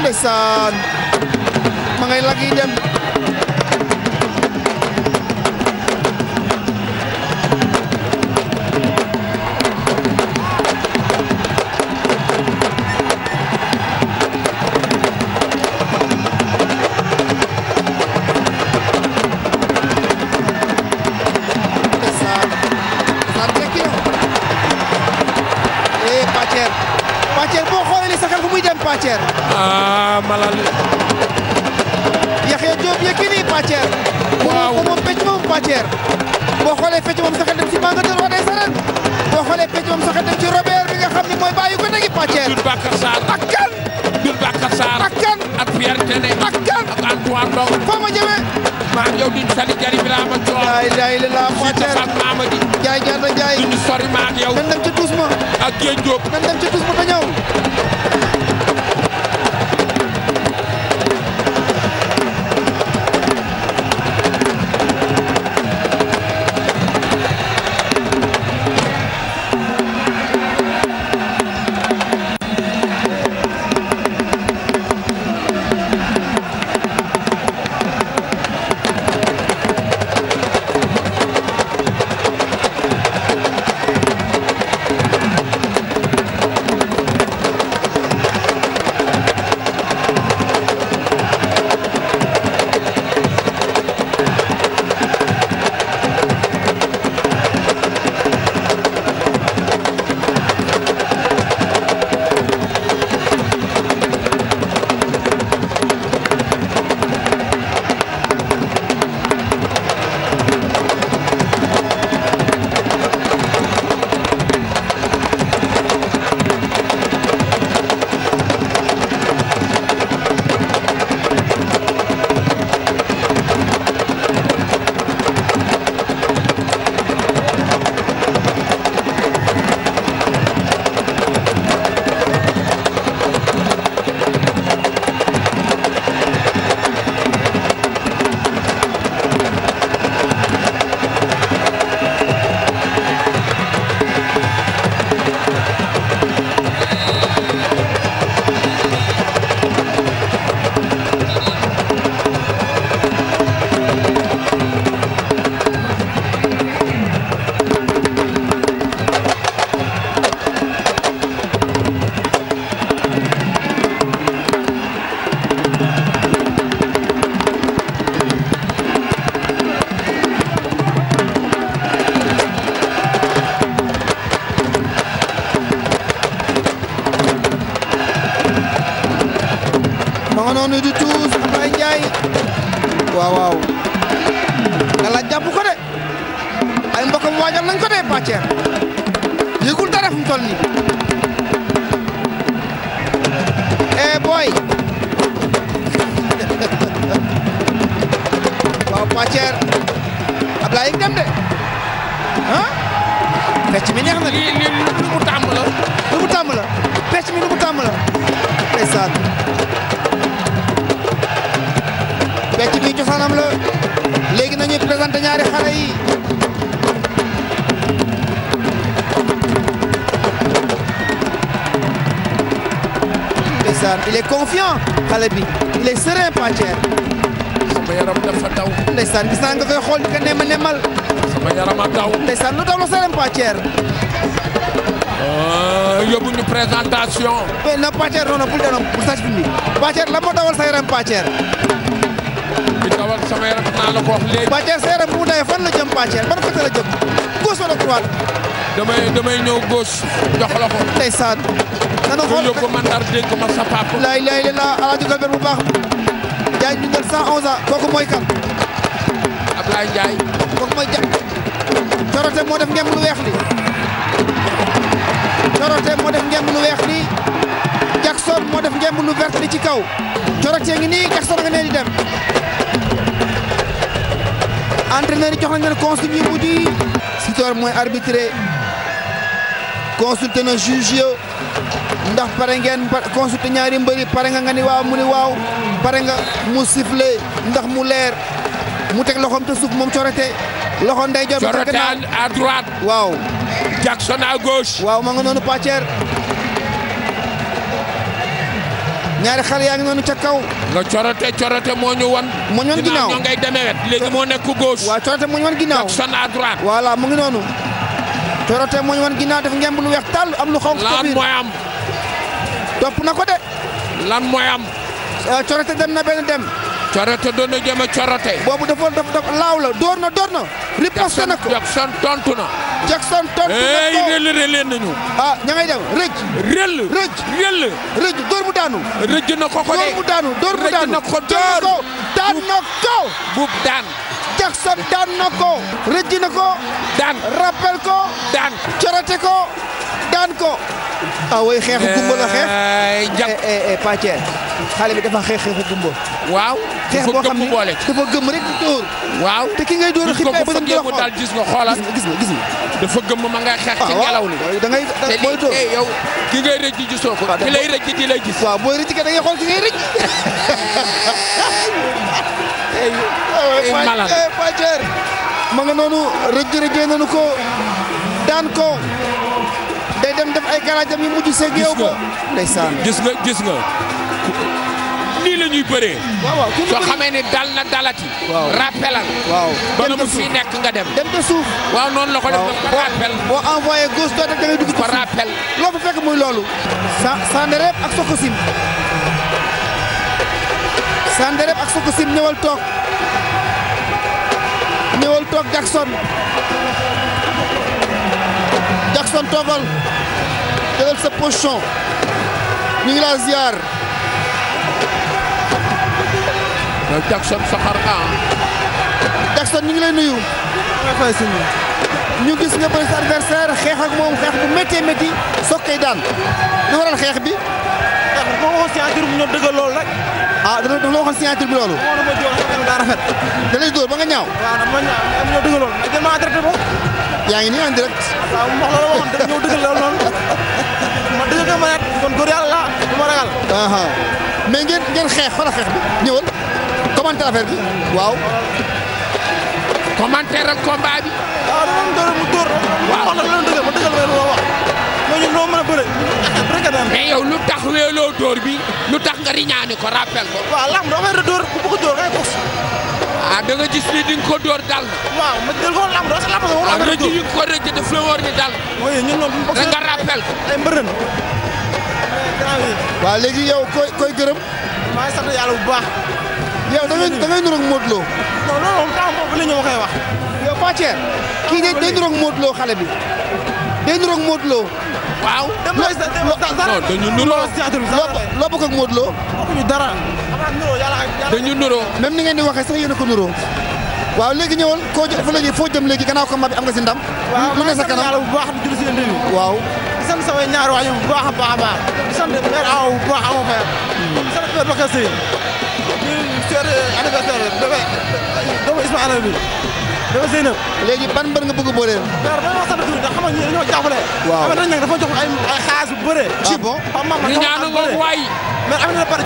ndeysaan ma ngay lagg yi dem ñoom sax dem ci Robert bi nga xam ne mooy bàyyi ko negi pàcceel. Doudou Bakar Sarr ak kan. Doudou Bakar Sarr ak kan. ak Pierre Tene ak kan ak Antoine Ndong. foo ma jëmee. maam yow di sali jari bi laa ma jox. jaay jaay li laa pàcceel ak Amady. jaay jaay na jaay duñu sori ma ak nan dem ci Tousma. ak Guèye nan dem ci Tousma ba ñëw. xale bi il est serein Pathier. sama yaram dafa daw. ndeysaan gis naa nga koy xool di ko nemm nemmal. sama a daw. ndeysaan lu daw la serein Pathier. Euh, yóbbu ñu présentation. mais na Pathier noonu bul denoon bul sàcc bi la moo dawal sa yaram Pathier. bi dawal sama yaram naa la ko wax léegi. Pathier sa yaram bu fan la jëm Pathier ban côté la jëm gauche wala damay damay ñëw góos jox la ko. ndeysaan. nanu xool yóbbu ma ndar dénk ma sa papa. laay laay la laa Alaaji Golbert bu baax. Ndiaye ñu ngal 111 ans kooku mooy kan. Ablaye Ndiaye. kooku mooy ja Corote moo def ngem lu weex li Corote moo def ngem lu weex li Jackson moo def ngem lu vert li ci kaw. Corote ngi nii Jackson nga nee di dem. entraîneur yi jox nañ leen consigne yu mujj yi. Sitor mooy arbitré. consulté na juge ya ndax pare ngeen consulté ñaari mbëri pare nga nga ni waaw mu ni waaw pare nga mu sifflé ndax mu leer mu teg loxoom te suuf moom corete loxo ndey jor corete à droite waaw Jackson à gauche waaw ma nga noonu pàcceer ñaari xar yaa ngi noonu ca kaw. nga corote moo ñu wan. moo ñu wan ginnaaw ñoo ngay demee léegi moo nekk gauche. waa corote moo ñu wan ginnaaw Jackson à droite. voilà mu ngi noonu. Dorothée moo ñu wan ginnaaw def ngemb lu weex tàll am lu xonq lan mooy am na ko de lan mooy am euh, Coroté dem na benn dem Coroté doon na jëm a Coroté boobu dafa dafa laaw la door na door na riposte na ko Jackson tontu na Jackson tontu na ko réll réll nañu ah ña ngay dem rëj réll rëj réll rëj door bu daanu rëj na ko ko de door bu daanu door bu daanu rëj na ko daan na ko buub daan Jackson daan na ko rëjj na ko daan rappel ko daan corote ko daan ko ah way xeexu gumba la euh, xeex jak eh, eh, eh, Pathier dafa xeex xeexu gumba waaw xeex boo xam ne dafa gëm rek dóor waaw te ki ngay dóor xippee ba dem ko daal gis nga xoolal gis nga gis nga dafa gëm ma ngay xeex ci ah, ngelaw li da ngay booy dóor ki ngay rëjj gisoo ko ah, ki lay rëjj di lay gis waaw booy rëjj ka da ngay xool ki ngay rëjj [LAUGHS] est malade eh, Fajer ma nga noonu rëgg-rëggee nañu ko daan ko day dem def ay garaajam yu mujj see géew ba ndeysaan gis nga gis nga la ñuy bëree soo xamee ni dal na dalati rappelal waaw ba nga fi nekk nga dem dem de suuf waaw noonu la ko def dafa rappel boo envoyé gauche doo def da ngay dugg ci rappel loo fa fekk muy loolu Sanderep ak Sokocim Sandereb ak Sococim ñëwal toog ñëwal toog Jackson Jackson toogal jëlal sa position ñu ngi laa ziar. Ah. lay nuyu. ñu gis nga bëri sa adversaire xeex ak moom xeex bu méttee métti soog koy daan lu waral xeex bi. ndax boo waxoon si àdduna bi ñu dëgg lool rek. ah dafa dafa waxoon signature bi loolu. da lay dóor ba nga ñaaw. waaw nag ma ñaaw am ñoo dëggaloon mais jël maa traité ko. yaa ngi nii en direct. waaw mu wax la waxoon dafa ñëw dëggal loolu noonu. ma dëggal ko ma ne kon góor yàlla la du ma ragal. Ah, ah. mais ngeen ngeen xeex xoolal xeex bi ñëwal commenter affaire bi waaw. commenter al combat bi. waaw ah, da doon dóor mu dóor. waaw wax la ma dëggal ma dëggal mais yow lu tax weeloo dóor bi lu tax nga riñaani ko rappel ko. waaw lamb doo weeree dóor ku bëgg dóor ngay box. ah da nga gis ni ko dóor dal na. waaw ma jël ko lamb doo sa lamb nga war a dóor nga ko rëcc daf la wóor ni dal. mooy rappel ko ay mbërën. waaw léegi yow koy gërëm. maa ngi yàlla bu baax. yow da ngay da ngay niroog Modou Lo. non non non temps boobu la ñu ma koy wax. yow kii day day niroog Modou Lo xale bi day niroog Modou Lo. waaw dem sa dañu nuroo loo bokk ko Modou Lo. bokkuñu dara. dañu nuroo. même ni ngeen di waxee sax yéen ko nuroo. waaw léegi ñëwal koo jë fa léegi foo jëm léegi gannaaw ko mat bi am nga si ndam. waaw maa ngi sant bu baax di jublu si waaw. di sant sama ñaari waa bu baax a baax a baax. di sant mère Awa bu baax amoo fayam. di sant Père Bakassi. di seet anniversaire bi. Bébé Sèye léegi ban nga bëgg a bëree. waaw dañoo sant dafa jox ah am na pare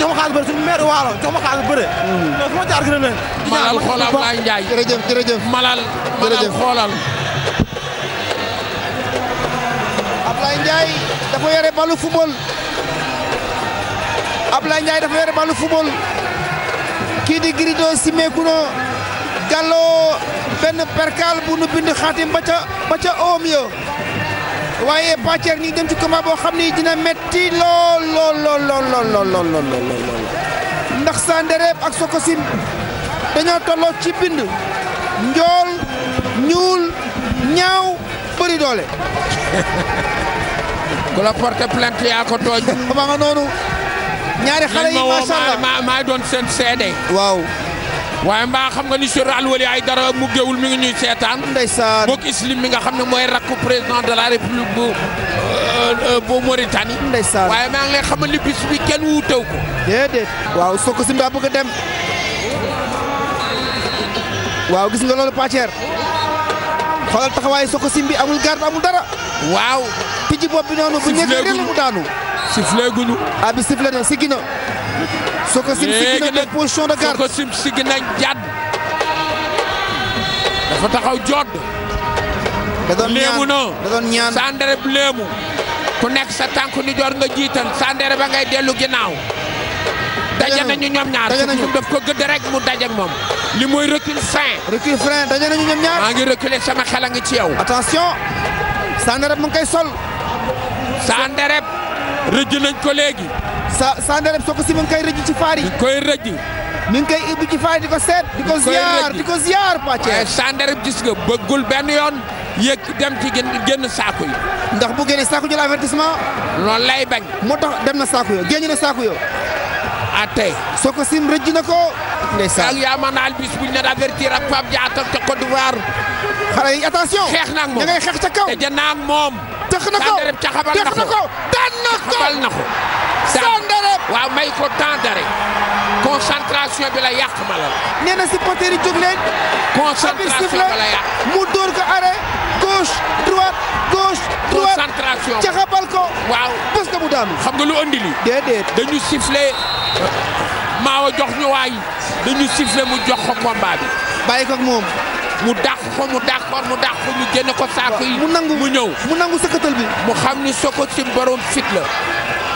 mm-hmm. balu football. Ablaye Ndiaye dafa yore Gallo. benn perkaal bu nu bind xaatim ba ca oom ya waaye Bathie ñi dem ci combat boo xam ni dina metti lool lool lool lool lool lool ndax Sandereb ak Sococim dañoo tolloo ci bind njool ñuul ñaaw bëri doole. ku la porté plainte yaa ko tooñ. ba nga noonu. ñaari xale yi macha allah ma doon seen seede. waaw. waaye mbaa xam nga ni sur alwali ay dara mu géewul mi ngi ñuy seetaan. ndeysaan mbokk islim mi nga xam ne mooy rakku président de la république bu euh, euh, bu Mauritanie. ndeysaan waaye maa ngi lay xamal ni bi kenn wuutew ko. déedéet waaw soo ko si dem. waaw gis nga loolu pàcceer xoolal taxawaayu soko simbi amul garde amul dara. waaw. tijji bopp bi noonu bu ñëwee réew mu daanu. siflé guñu. abi ah, siflé na siggi na. Sococim siggi na jël position de garde Sococim siggi jàdd dafa taxaw jodd da doon léemu na da doon ñaan sandere bu léemu ku nekk sa tànk ni joor nga jiital sandere ba ngay dellu ginnaaw daje nañu ñoom ñaar Sococim daf ko gëdd rek mu daje moom li mooy recul frein recul frein daje nañu ñoom ñaar maa ngi reculer sama xel a ngi ci yow attention sandere mu ngi koy sol sandere rëj nañ ko léegi sa sanderem soo ko si mi ngi koy rëj ci faar yi. mi ngi koy rëj. mi ngi koy ubbi ci faar yi di ko seet. di ko ziar di ko ziar pàcc. waaye sanderem gis nga bëggul benn yoon yéeg dem ci génn génn yi. ndax bu génnee saako jël avertissement. loolu lay bañ. moo tax dem na saako yo génn na saako yo a tey soo ko sim rëj na ko. ndeysaan ak yaa ma naal buñ leen avertir ak Pape Diatta ca Côte d'Ivoire. xale yi attention xeex na ak moom da ngay xeex ca kaw. te jënd naa ak moom. tëx na ko sanderem na ko tëx Sangaré waaw may ko temps d'arrêt concentration bi la yàq malal nee na supporter yi jóg leen concentration bi la yàq mu dóor ko arrêt gauche droite gauche droite concentration ko waaw bés ko daanu xam nga lu indi li déedéet dañu sifflé maawa jox ñu waay dañu sifflé mu jox ko combat bi bàyyi ko ak moom mu dàq ko mu dàq ko mu dàq ko ñu génn ko saako yi mu nangu mu ñëw mu nangu sëkkatal bi mu xam ni soko ci borom fit la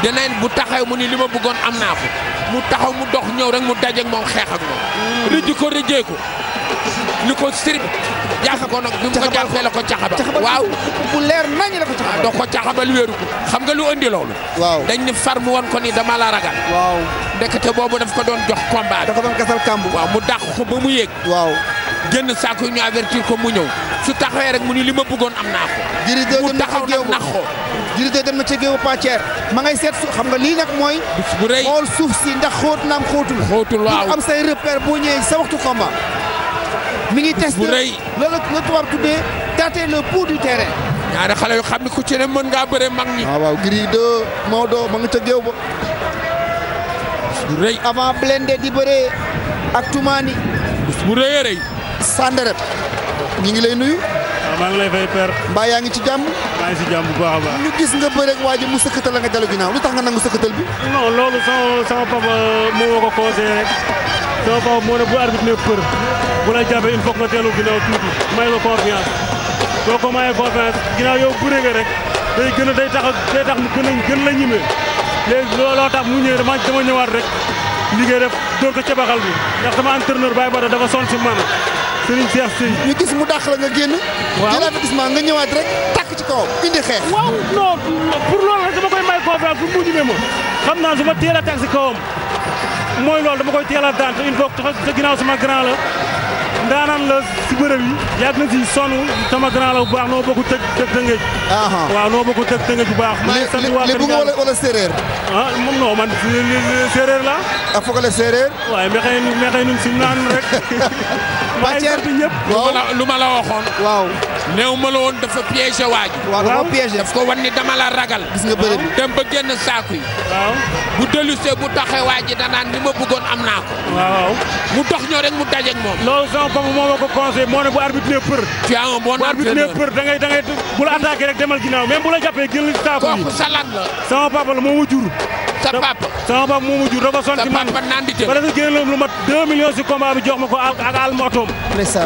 danañ bu taxaw mu ni li ma bëggoon am naa ko mu taxaw mu dox ñëw rek mu daje ak moom xeex ak moom. Mm. rëjj ko rëjjee ko ni ko sirib jaaxa ko nag bi mu ko jaaxee la ko caxabal waaw bu leer nañ la ko caxabal dox ko caxabal wéeru ko xam nga lu andi loolu waaw dañ ni far mu woon ko ni dama la ragal waaw ndekete boobu daf ko doon jox combat da ko doon gasal kàmb waaw mu dàq ko ba mu yéeg waaw génn saako ñu avertir ko mu ñëw su taxawee rek mu ni li ma bëggoon am naa ko. Gris dem na ca géew mu taxaw nag naxoo. dem na ca géewu Pàcceer ma ngay seet xam nga lii nag mooy. bu xool suuf si ndax xoot naam xóotul. xóotul waaw am say repère boo ñëwee sa waxtu combat. ngi testé bu rëy loolu la tubaab tuddee tâter le pouls du terrain. ñaari xale yu xam ne ku ci ne mën ngaa bëre mag ñi. waaw ah, waaw Gris 2 Maodo ma nga ca géew ba. bu rëy avant Blindé di bëree ak Toumani. bu rëy rëy. Sanderet ñu ngi lay nuyu. waaw ah, maa ngi lay fay per. mbaa yaa ngi ci jàmm. maa ngi ci jàmm bu baax a baax. ñu gis nga bëre ak waa ji mu sëkkatal la nga dellu ginnaaw lu tax nga nangu sëkkatal bi. non loolu sama sama papa euh, moo ma ko conseillé rek sama papa moo ne bu arbitre ne për bu la jàppee il faut nga dellu ginnaaw tuuti may la soo ko mayee confiance ginnaaw yow bëre nga rek day gën a day tax day tax mu gën a gën la ñimee léegi looloo tax mu ñëwee dama dama ñëwaat rek liggéey Serigne Cheikh Sy ñu gis mu dàq la nga génn. waaw jël avertissement nga ñëwaat rek tàkk ci kawam indi xeex. waaw non pour loolu rek dama koy may confiance pour mu ñemee ma xam naa su ma teel a tàkk ci kawam mooy loolu dama koy teel a daan te il faut ginnaaw sama grand la ndaanaan la si bërëb yi. yàgg na si sonn sama grand la bu baax noo bokk tëj tëj tëngëj. waaw noo bokk tëj tëngëj bu baax. mu sa sant waa Kër Ndiaye wala wala séeréer. ah man séeréer la. ah foogale séeréer. waaye meqee meqee ñun si naan rek. [LAUGHS] Pathier waaw lu ma la waxoon. waaw néew ma la woon dafa piégé waaj. waaw dafa piégé daf ko wan ni dama la ragal. gis nga bëre bi dem ba génn saako yi. waaw bu dellusee bu taxee waaj danaan li ma bëggoon am naa ko. waaw mu dox ñoo mu dajeeg moom. loolu sama papa moo ma ko conseillé moo ne bu arbitre nee për. tu as un për da ngay da ngay bu la attaqué rek demal ginnaaw même bu la jàppee génn saako yi. kooku sa lan la. sama papa la moo ma jur. sa papa sama papa moomu jur dafa sonn ci man ba dafa génnoon lu mat 2 si combat bi jox ma ko ak alma otoom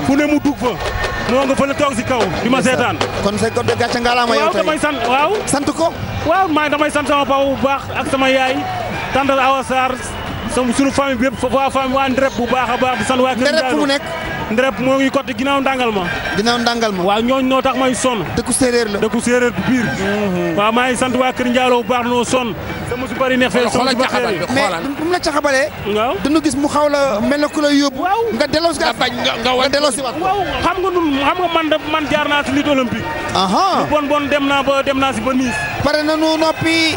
fu ne mu dugg fa moo nga fële toog si kaw di ma seetaan kon sa ko gàcce ngalaama yow tey waaw sant waaw sant ko waaw maa damay sant sama papa bu baax ak sama yaay tàndal Awa Sarr sama sunu famille bépp waa famille waa Ndrep bu baax a baax di sant waa kër Ndrep nekk nderep moo ngi côté ginnaaw ndàngal ma ginnaaw ndàngal ma waaw ñooñ noo tax may sonn dëkku séeréer la dëkku séeréer biir mhm. waaw maa ngi sant waa Kër Ndialo bu baax noo son sama su bari neex fee sama su bari mais bu mu la caxabalee waaw gis mu xaw la mel na ku la yóbbu nga delloo si nga bañ nga delloo si waat waaw xam nga nun xam nga man man jaar naa si lutte olympique aha bon dem naa ba dem naa si ba Nice pare na nu noppi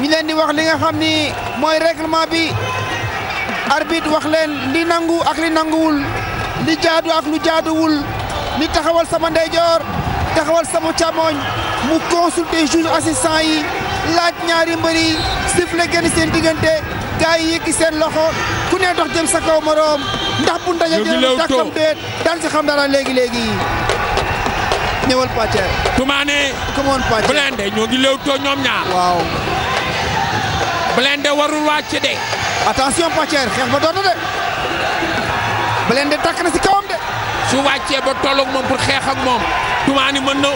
ñu leen di wax li nga xam ni mooy règlement bi arbitre wax leen li nangu ak li nanguwul li jaadu ak lu jaaduwul li taxawal sama ndeyjoor taxawal sama càmmoñ mu consulter juge assistant yi laaj ñaari mbëri siffle génn seen diggante gaa yi yëkki seen loxo ku ne dox jëm sa kaw moroom ndax bu ndaje jëlee tàkkam déet daan si xam dara léegi léegi ñëwal Pathier. Toumane. come on Pathier Blindé ñoo ngi léewtoo ñoom ñaar. waaw. Blindé warul wàcc de. attention Pathier xeex ba doon de. Blindé takk na si kawam de. su wàccee ba tolloog moom pour xeex ak moom Toumani mën na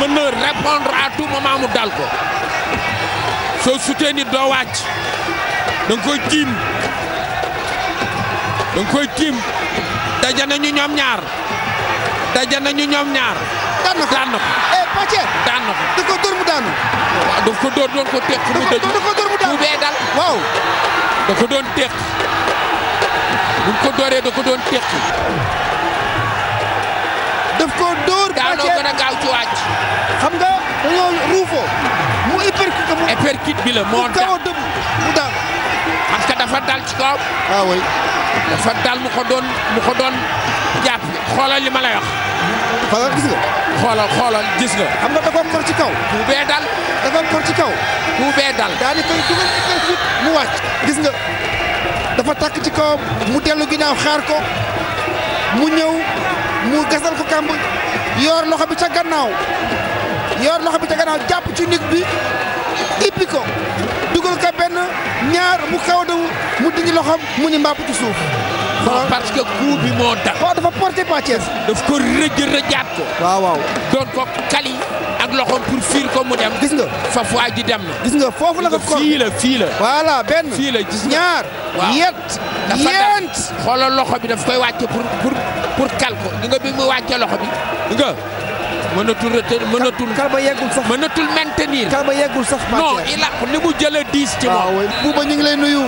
mën na répondre à tout moment mu dal ko soo sutee nit doo wàcc da nga koy tiim da nga koy tiim daje nañu ñoom ñaar daje nañu ñoom ñaar. daan na ko daan na ko. eh Pathé daan na ko. da ko dóor mu daanu. waaw daf ko dóor doon ko teq. mu dëj da ko dóor mu daanu bu bee dal. waaw da ko doon teq. bu ko dooree da ko doon tekki. daf ko dóor. daanoo gën a gaaw ci wàcc. xam nga dañoo ruufoo. mu uppercut mu bi la moo tax mu parce que dafa dal ci kawam. waaw ah, waay dafa dal mu ko doon mu jàpp xoolal li ma lay wax. xoolal gis nga. xoolal gis nga. xam nga dafa kor ci kaw. bu bee dal. dafa kor ci kaw. bu dal. daal di koy dugal uppercut mu wàcc. gis nga. dafa takk ci kawam mu dellu ginnaaw xaar ko mu ñëw mu gasal ko kàmb yoor loxo bi ca gannaaw yoor loxo bi ca gannaaw jàpp ci nit bi ippi ko dugal ko benn ñaar mu kaw daw mu dindi loxoom mu ni mbàpp ci suuf. non parce bi moo dal. waaw dafa porté pàccees. daf ko rëjë rëjaat ko. waaw waaw loxoom pour fiir ko mu dem gis nga fa waa ji dem na gis nga foofu la ko fii la fii la voilà benn fii la gis ñaar yet yent xoolal loxo bi daf koy wàcce pour pour pour kal ko di nga bi mu wàcce loxo bi di nga mënatul mënatul kal ba yeggul sax mënatul maintenir kal ba yeggul sax non il a ni mu jëla diis ci moom ah buuba ñu ngi lay nuyu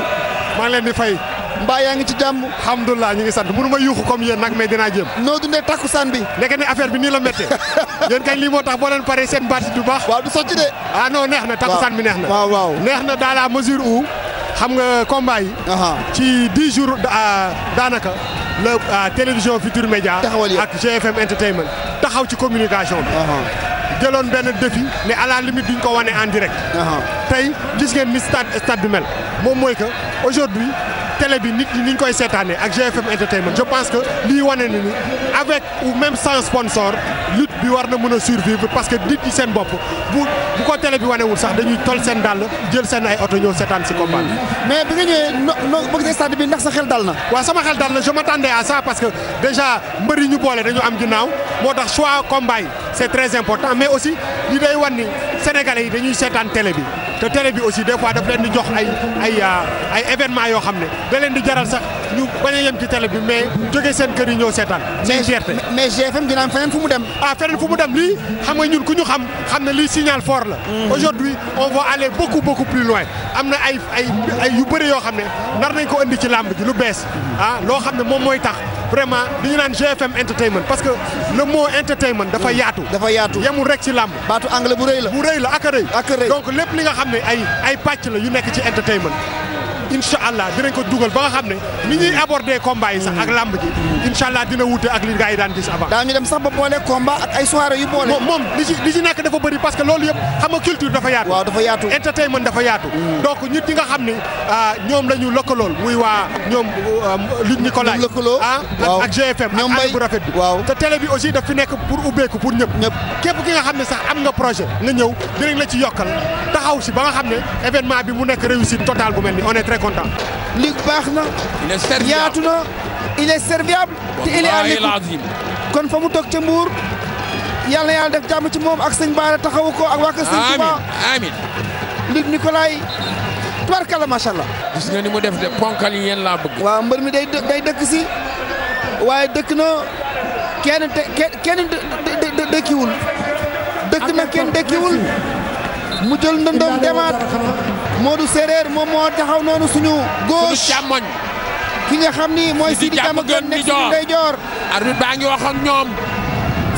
maa ngi leen di fay mbaa yaa ngi ci jàmm alhamdulilah ñu ngi sant mënu ma yuuxu comme yéen nag mais dinaa jéem noo dundee takkusaan bi ndeke ne affaire bi nii la méttee [LAUGHS] yéen kañ lii moo tax boo leen paree seen baat du baax du socc de ah neex na takkusaan bi neex na waaw neex na dans a mesure où xam nga combat yi ci dix jours ah, daanaka la ah, télévision Futur Média ak GFM Entertainment taxaw ci communication bi jëloon benn défi ne à la limite duñ ko wane en direct. tey gis ngeen ni stade stade moom mooy que aujourd'hui télé bi nit ñi ni ñu koy seetaanee ak GFM entertainment je pense que lii wane na ni avec ou même sans sponsor lutte bi war na mën a survivre parce que nit ñi seen bopp bu bu ko télé bi wanewul sax dañuy tol seen dàll jël seen ay oto ñëw seetaan si combat mais bi nga ñëwee no bëgg sa bi ndax sa xel dal na. waaw sama xel dal na je m'attendais à ça parce que déjà mbër yi ñu boole dañu am ginnaaw moo tax choix compagne yi c'est très important mais aussi li day wan ni sénégalais yi dañuy seetaan bi. te télé bi aussi des fois daf leen di jox ay ay euh, ay événement yoo xam ne da leen di jaral sax ñu bañ a yem ci télé bi mais jógee seen kër yi ñëw seetaan. seen fierté mais GFM dina am feneen fu mu dem. ah feneen fu mu dem lii xam nga ñun ku ñu xam xam ne lii signal fort la. Hmm. aujourd'hui on va aller beaucoup beaucoup plus loin. am na ay ay yu bëri yoo xam ne nar nañ ko indi ci làmb ji lu bees ah loo xam ne moom mooy tax. vraiment li ñu naan GFM entertainment parce que le mot entertainment dafa hmm. yaatu. dafa yaatu yemul rek ci làmb. baatu anglais bu rëy la bu rëy la ak a rëy. donc lépp li nga xam ne ay ay pàcc la yu nekk ci entertainment. incha allah dinañ ko dugal ba nga xam ne ni ñuy aborder combat yi sax ak lamb ji incha allah dina wute ak li gars yi daan gis avant daañu dem sax ba boole combat ak ay soirée yu boole moom dafa que loolu yëpp xam nga culture dafa yaatu waaw dafa yaatu entertainment dafa yaatu mm. donc nit ñi nga xam ne ah, ñoom la ñu lëkkalool muy waa ñoom um, Luc Nicolaï ah ak GFM ak bu rafet bi te télé bi aussi daf fi nekk pour ubbeeku pour ñëpp képp ki nga xam ne sax am nga projet nga ñëw dinañ la ci yokkal taxaw si ba nga xam ne événement bi mu nekk réussite totale bu mel ni on est très content. lig baax na. il est yaatu na il est serviable. te il est à kon fa mu toog ce Mbour. yàlla na yàlla def jàmm ci moom ak sëñ Baara taxawu ko ak waa Kër Sëñ Touba amiin lig Nicolay tubarkalla macha allah. gis nga ni mu def de ponkal yi yéen laa bëgg. waaw mbër mi day day dëkk si waaye dëkk na kenn te kenn dëkkiwul. dëkk na kenn dëkkiwul. mu jël ndëndëm demaat du Séréer moom moo taxaw noonu suñu gauche suñu ki nga xam ni mooy Sidi Diamaguène nekk suñu ndeyjoor arbitre baa ngi wax ñoom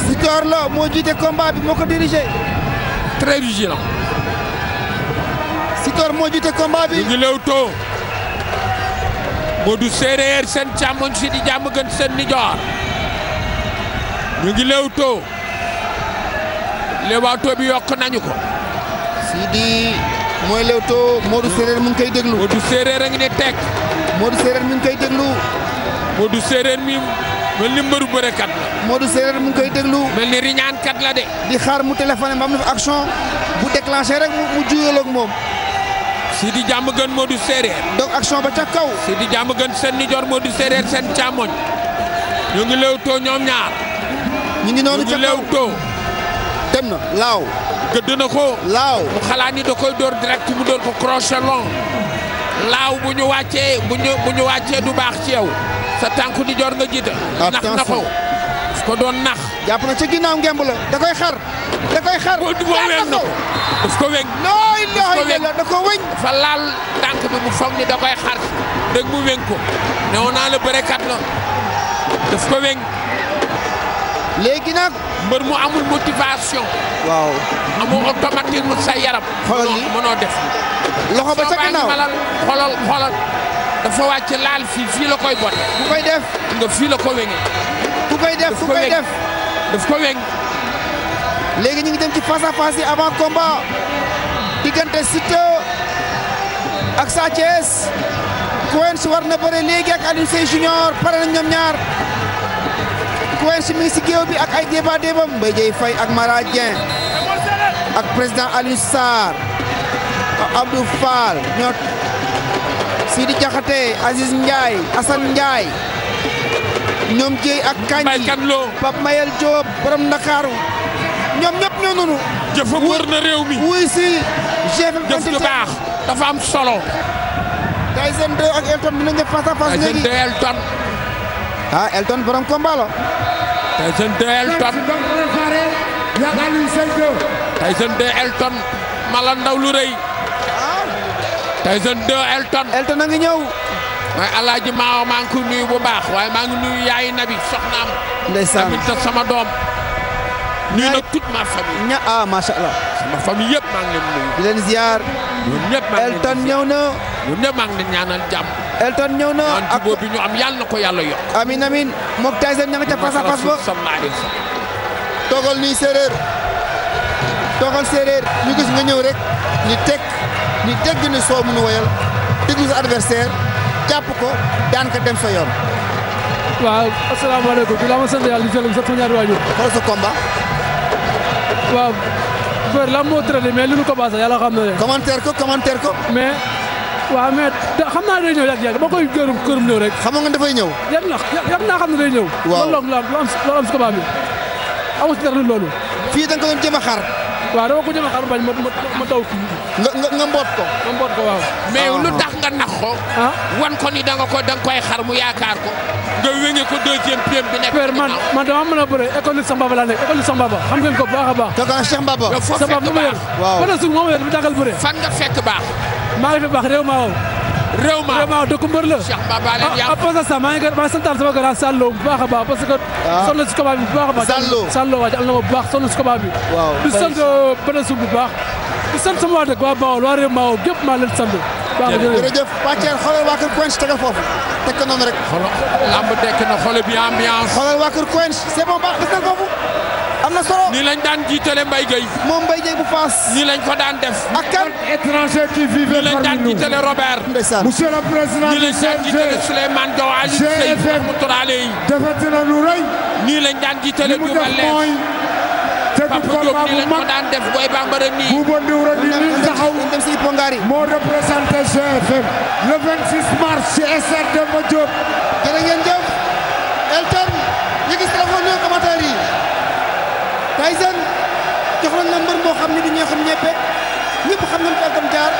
si la moo jiite combat bi moo ko dirigé très vigilant si joor moo jiite combat bi ñu ngi lewtoo Modou Séréer seen càmmoñ Sidi Diamaguène seen nijoor ñu ngi lewtoo lewaatoo bi yokk nañu ko di mooy Leewtoo Modou Séeréer mu ngi koy déglu. Modou Séeréer a ngi ne teg. Modou Séeréer mu ngi koy déglu. Modou Séeréer mi mel ni mbëru bërekat la. Modou Séeréer mu ngi koy déglu. mel ni riñaankat la de. di xaar mu téléphoné ba am na fa action bu déclenché rek mu juyaloog moom. di jàmm gën Modou Séeréer. donc action ba ca kaw. di jàmm gën seen nijoor Modou Séeréer seen càmmoñ. ñu ngi Leewtoo ñoom ñaar. ngi noonu ca kaw ñu ngi Leewtoo dem na laaw gëdd na ko laaw mu xalaat ni da koy door direct mu door ko crochet long laaw bu ñu wàccee bu ñu bu ñu wàccee du baax ci yow sa tànku di nga jita nax na ko ko doon nax jàpp na ci ginnaaw ngemb la da koy xar da koy xar weñ na ko daf ko weñ nooy looy la da ko weñ fa laal tànk bi mu foog ni da koy xar dëgg mu weñ ko newoon naa la bërekat la daf ko weñ léegi nag mbër mu amul motivation. waaw amoo automatisme sa yaram. xoolal li mënoo def. loxo ba ca ginnaaw xolal xolal dafa wàcc laal fii fii la koy bot. ku koy def nga ko wéngee. koy def ku ko weng léegi ñu ngi dem ci face à avant combat diggante Siteu ak Sa Thiès Quench war na bëre léegi ak Alioune Sèye Junior pare nañ ñoom ñaar. Quench mi si géew bi ak ay débat débat Mbaye Dieye Faye ak Mara ak président Aliou Sarr Abdou Fall ñoo Sidi Diakhaté Aziz Ndiaye Assane Ndiaye ñoom Dieye ak Kandji Pape Mayel Diop borom Ndakaaru ñoom ñëpp ñoo nonu jëf wër na réew mi wuy si GFM jëf ju baax dafa am solo Tyson 2 ak Elton dinañ def face à face léegi Elton ah Elton borom combat la Tyson 2 Elton mala ndaw lu rëy Tyson 2 Elton Elton a ngi ñëw mooy alaaji maawa maa ngi ko bu baax waaye maa ngi nuyu yaayu nabi soxnaam ndeysaan amit sama doom nuyu na toute ma famille ña ah macha sama famille yëpp maa ngi leen nuyu di leen ziar Elton ñëw na ñoom ñëpp maa ngi leen ñaanal jàmm Elton ñëw na ak boobu ñu am yàlla ko yàlla yokk. amiin amiin moog ca pas à pas nii séeréer toogal séeréer ñu gis nga ñëw rek ñu teg ñu dégg ni soo mënu woyal déglu sa jàpp ko daan ko dem sa yoon. waaw asalaamaaleykum bi laa ma sant yàlla di jëloon sa ñaari waajur. xoolal sa waaw. Mbër la moo traité mais li mu commencé yàlla xam na ne. commentaire ko commentaire ko. waaw mais xam naa day ñëw yàgg yàgg ba koy gërëm këram ñëw rek. xam nga dafay ñëw. yàgg na yàgg naa xam ne day ñëw. waaw loolu la am loolu am si combat bi si dara loolu. fii da nga ko a xaar. waaw dama ko jëloon xar bañ ma ma daw kii. nga nga nga ko. nga mboot ko waaw. mais ah. lu nax ko. Ah? wan ko ni da nga ko da nga koy xar mu yaakaar ko. nga wénge ko deuxième pied bi nekk. père man man dama mën a bëre école Cheikh Mbaba laa xam ngeen ko bu a baax. te kan Cheikh Mbaba. yow foo fekk baax Cheikh Mbaba mu ma yor. waaw fan la suuf moo ma yor nga fekk baax. maa ngi fi baax réew maa woowu. réew ma vraiment dëkku mbër la ah, ah parce que sax maa ngi maa ngi santaan sama a Sallo bu baax a baax parce que. Ah. si combat bi bu baax a baax. Sallo Sallo waay si combat bi. di sant presse bu baax. di waa dëkk waa Bawol maa leen sant. jërëjëf Pàcceer xoolal waa Kër Quench tege foofu teg ko noonu rek. xoolal lamb dekk na xoolal bi ambiance. xoolal waa Kër Quench c'est bon baax des na am na solo nii lañ daan jiitale Mbaye Gueye. moom Mbaye Gueye bu Fass. nii lañ ko daan def. ak kan étranger qui vivait parmi nous. nii lañ daan jiitale Robert. ndeysaan monsieur le président du CNG. nii lañ daan jiitale Souleymane Dow Aliou Seye mu turaale yi. nii lañ daan jiitale Diouf Allé. Papa Diop nii nii. bu bon diw nii taxaw dem si Pongari. moo représenté GFM le 26 mars ci SRD Demba Diop. jërë ngeen jëf. boo xam ne du ñeexum ñebbe ñëpp xam nañ ko ak jaar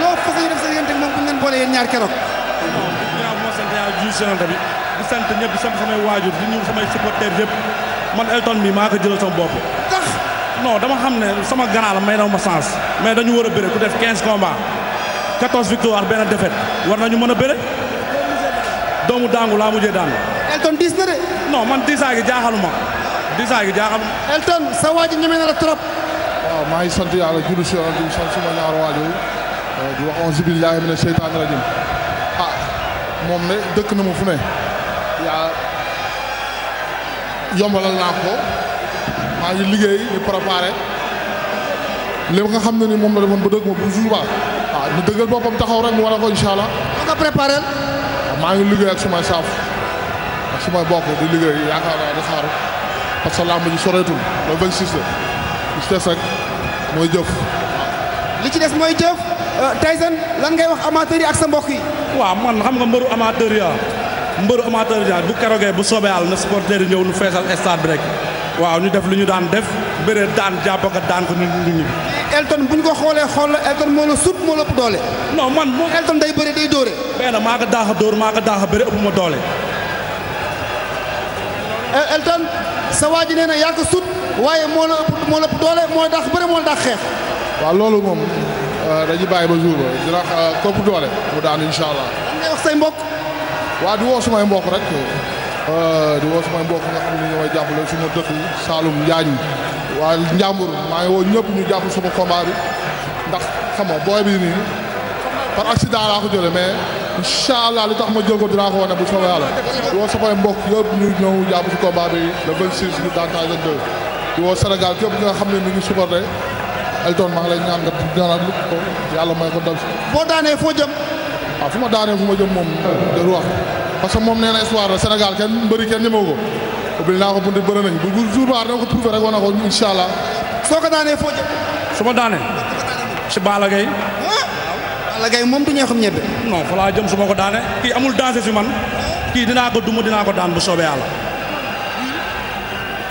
loo fas yéene sa yéen teg moom bu ñu boole yéen ñaar keroog. di ñaaw moo sant yàlla ji bi di sant ñëpp di sant samay waajur di ñu samay supporters yëpp man Elton mi maa ko jëlal sama bopp. tax non dama xam ne sama ganaar may na ma sens mais dañu war a bëre ku def 15 combats 14 benn défaite war nañu mën a bëre doomu daangu laa mujjee daangu. Elton diis na de. non man diisaay gi jaaxaluma diisaay gi jaaxaluma. Elton sa waa ji ñeme na la trop. waaw maa ngi sant yàlla julli si yonent bi sant suma ñaar waajur euh, di wax auzu billaahi mina seytaani rajim ah moom ne dëkk na mu fu ne yaa yombalal naa ko maa ngi liggéey di préparé li nga xam ne ni moom la demoon ba dëgg ma bu jour waaw na dëggal boppam taxaw rek mu war ko incha allah nga préparé ah, maa ngi liggéey ak sumay saaf ak sumay bokk di liggéey yaakaar naa di xaar parce que làmb ji soreetul le 26 la li ci des mooy jëf. li ci des mooy jëf Tyson lan ngay wax amateur yi ak sa mbokk yi. waaw man xam nga mbëru amateur ya mbëru amateur ya bu kerogee bu soobee yàlla na supporter yi ñëw nu feesal stade bi rek waaw ñu def lu ñu daan def bëre daan jàpp ak daan ko ñu ñu. Elton bu ñu ko xoolee xool la Elton moo la sut moo la ëpp doole. noo man moom Elton day bëre day dóore. benn maa ko daax a dóor maa ko daax a bëre ëpp ma doole. Euh, Elton sa waa nee na yaa ko sut. waaye moo la ëpp moo la ëpp doole moo dax bëre moo la dax xeex. waaw loolu moom euh, dañuy bàyyi ba jour ba dina kopp euh, doole mu daan incha allah. lan wax say mbokk. waaw di woo sumay mbokk rek euh, di woo sumay mbokk nga xam ne ñoo may jàppale suma dëkk yi ñu jàpp suma combat ndax xam nga booy bi nii par accident laa ko jële mais incha allah li tax ma jël ko dinaa ko wane bu soobee yàlla di woo samay mbokk yëpp ñëw jàpp si combat bi le 26 bi dans 32. di woo Sénégal bu nga xam ne mi ngi supporté Elton maa ngi lay ñaan nga ñaanal ko yàlla may ko dal si. boo daanee foo jëm. waaw ah, fu ma daanee fu ma jëm moom dëgg wax parce que moom nee na histoire la Sénégal kenn mbëri kenn ñemewu ko ubbil naa o bunti bëri nañ bu bu jour waar na ko trouvé allah. soo ko daanee foo jëm. su ma daanee. si Balla Gaye. moom du ñoo xam ñebe. non fa laa jëm su ma ko daanee. kii amul danger si man. kii dinaa ko duma dinaa ko daan bu soobee yàlla.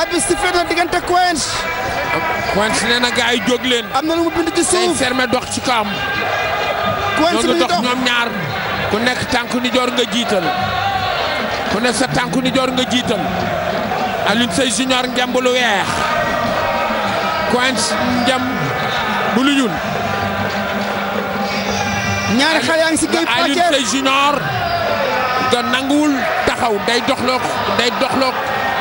abi sifflé na diggante Quench. Quench nee na jóg leen. am na lu mu bind ci suuf tey fermé dox ci kawam. Quench dox ñoom ñaar ku nekk tànku ni nga jiital ku nekk sa tànku ni nga jiital Alioune Seye Junior ngemb lu weex Quench ngemb bu lu ñuul. ñaari xale yaa ngi si kër Alioune nga nanguwul taxaw day doxlook day doxlook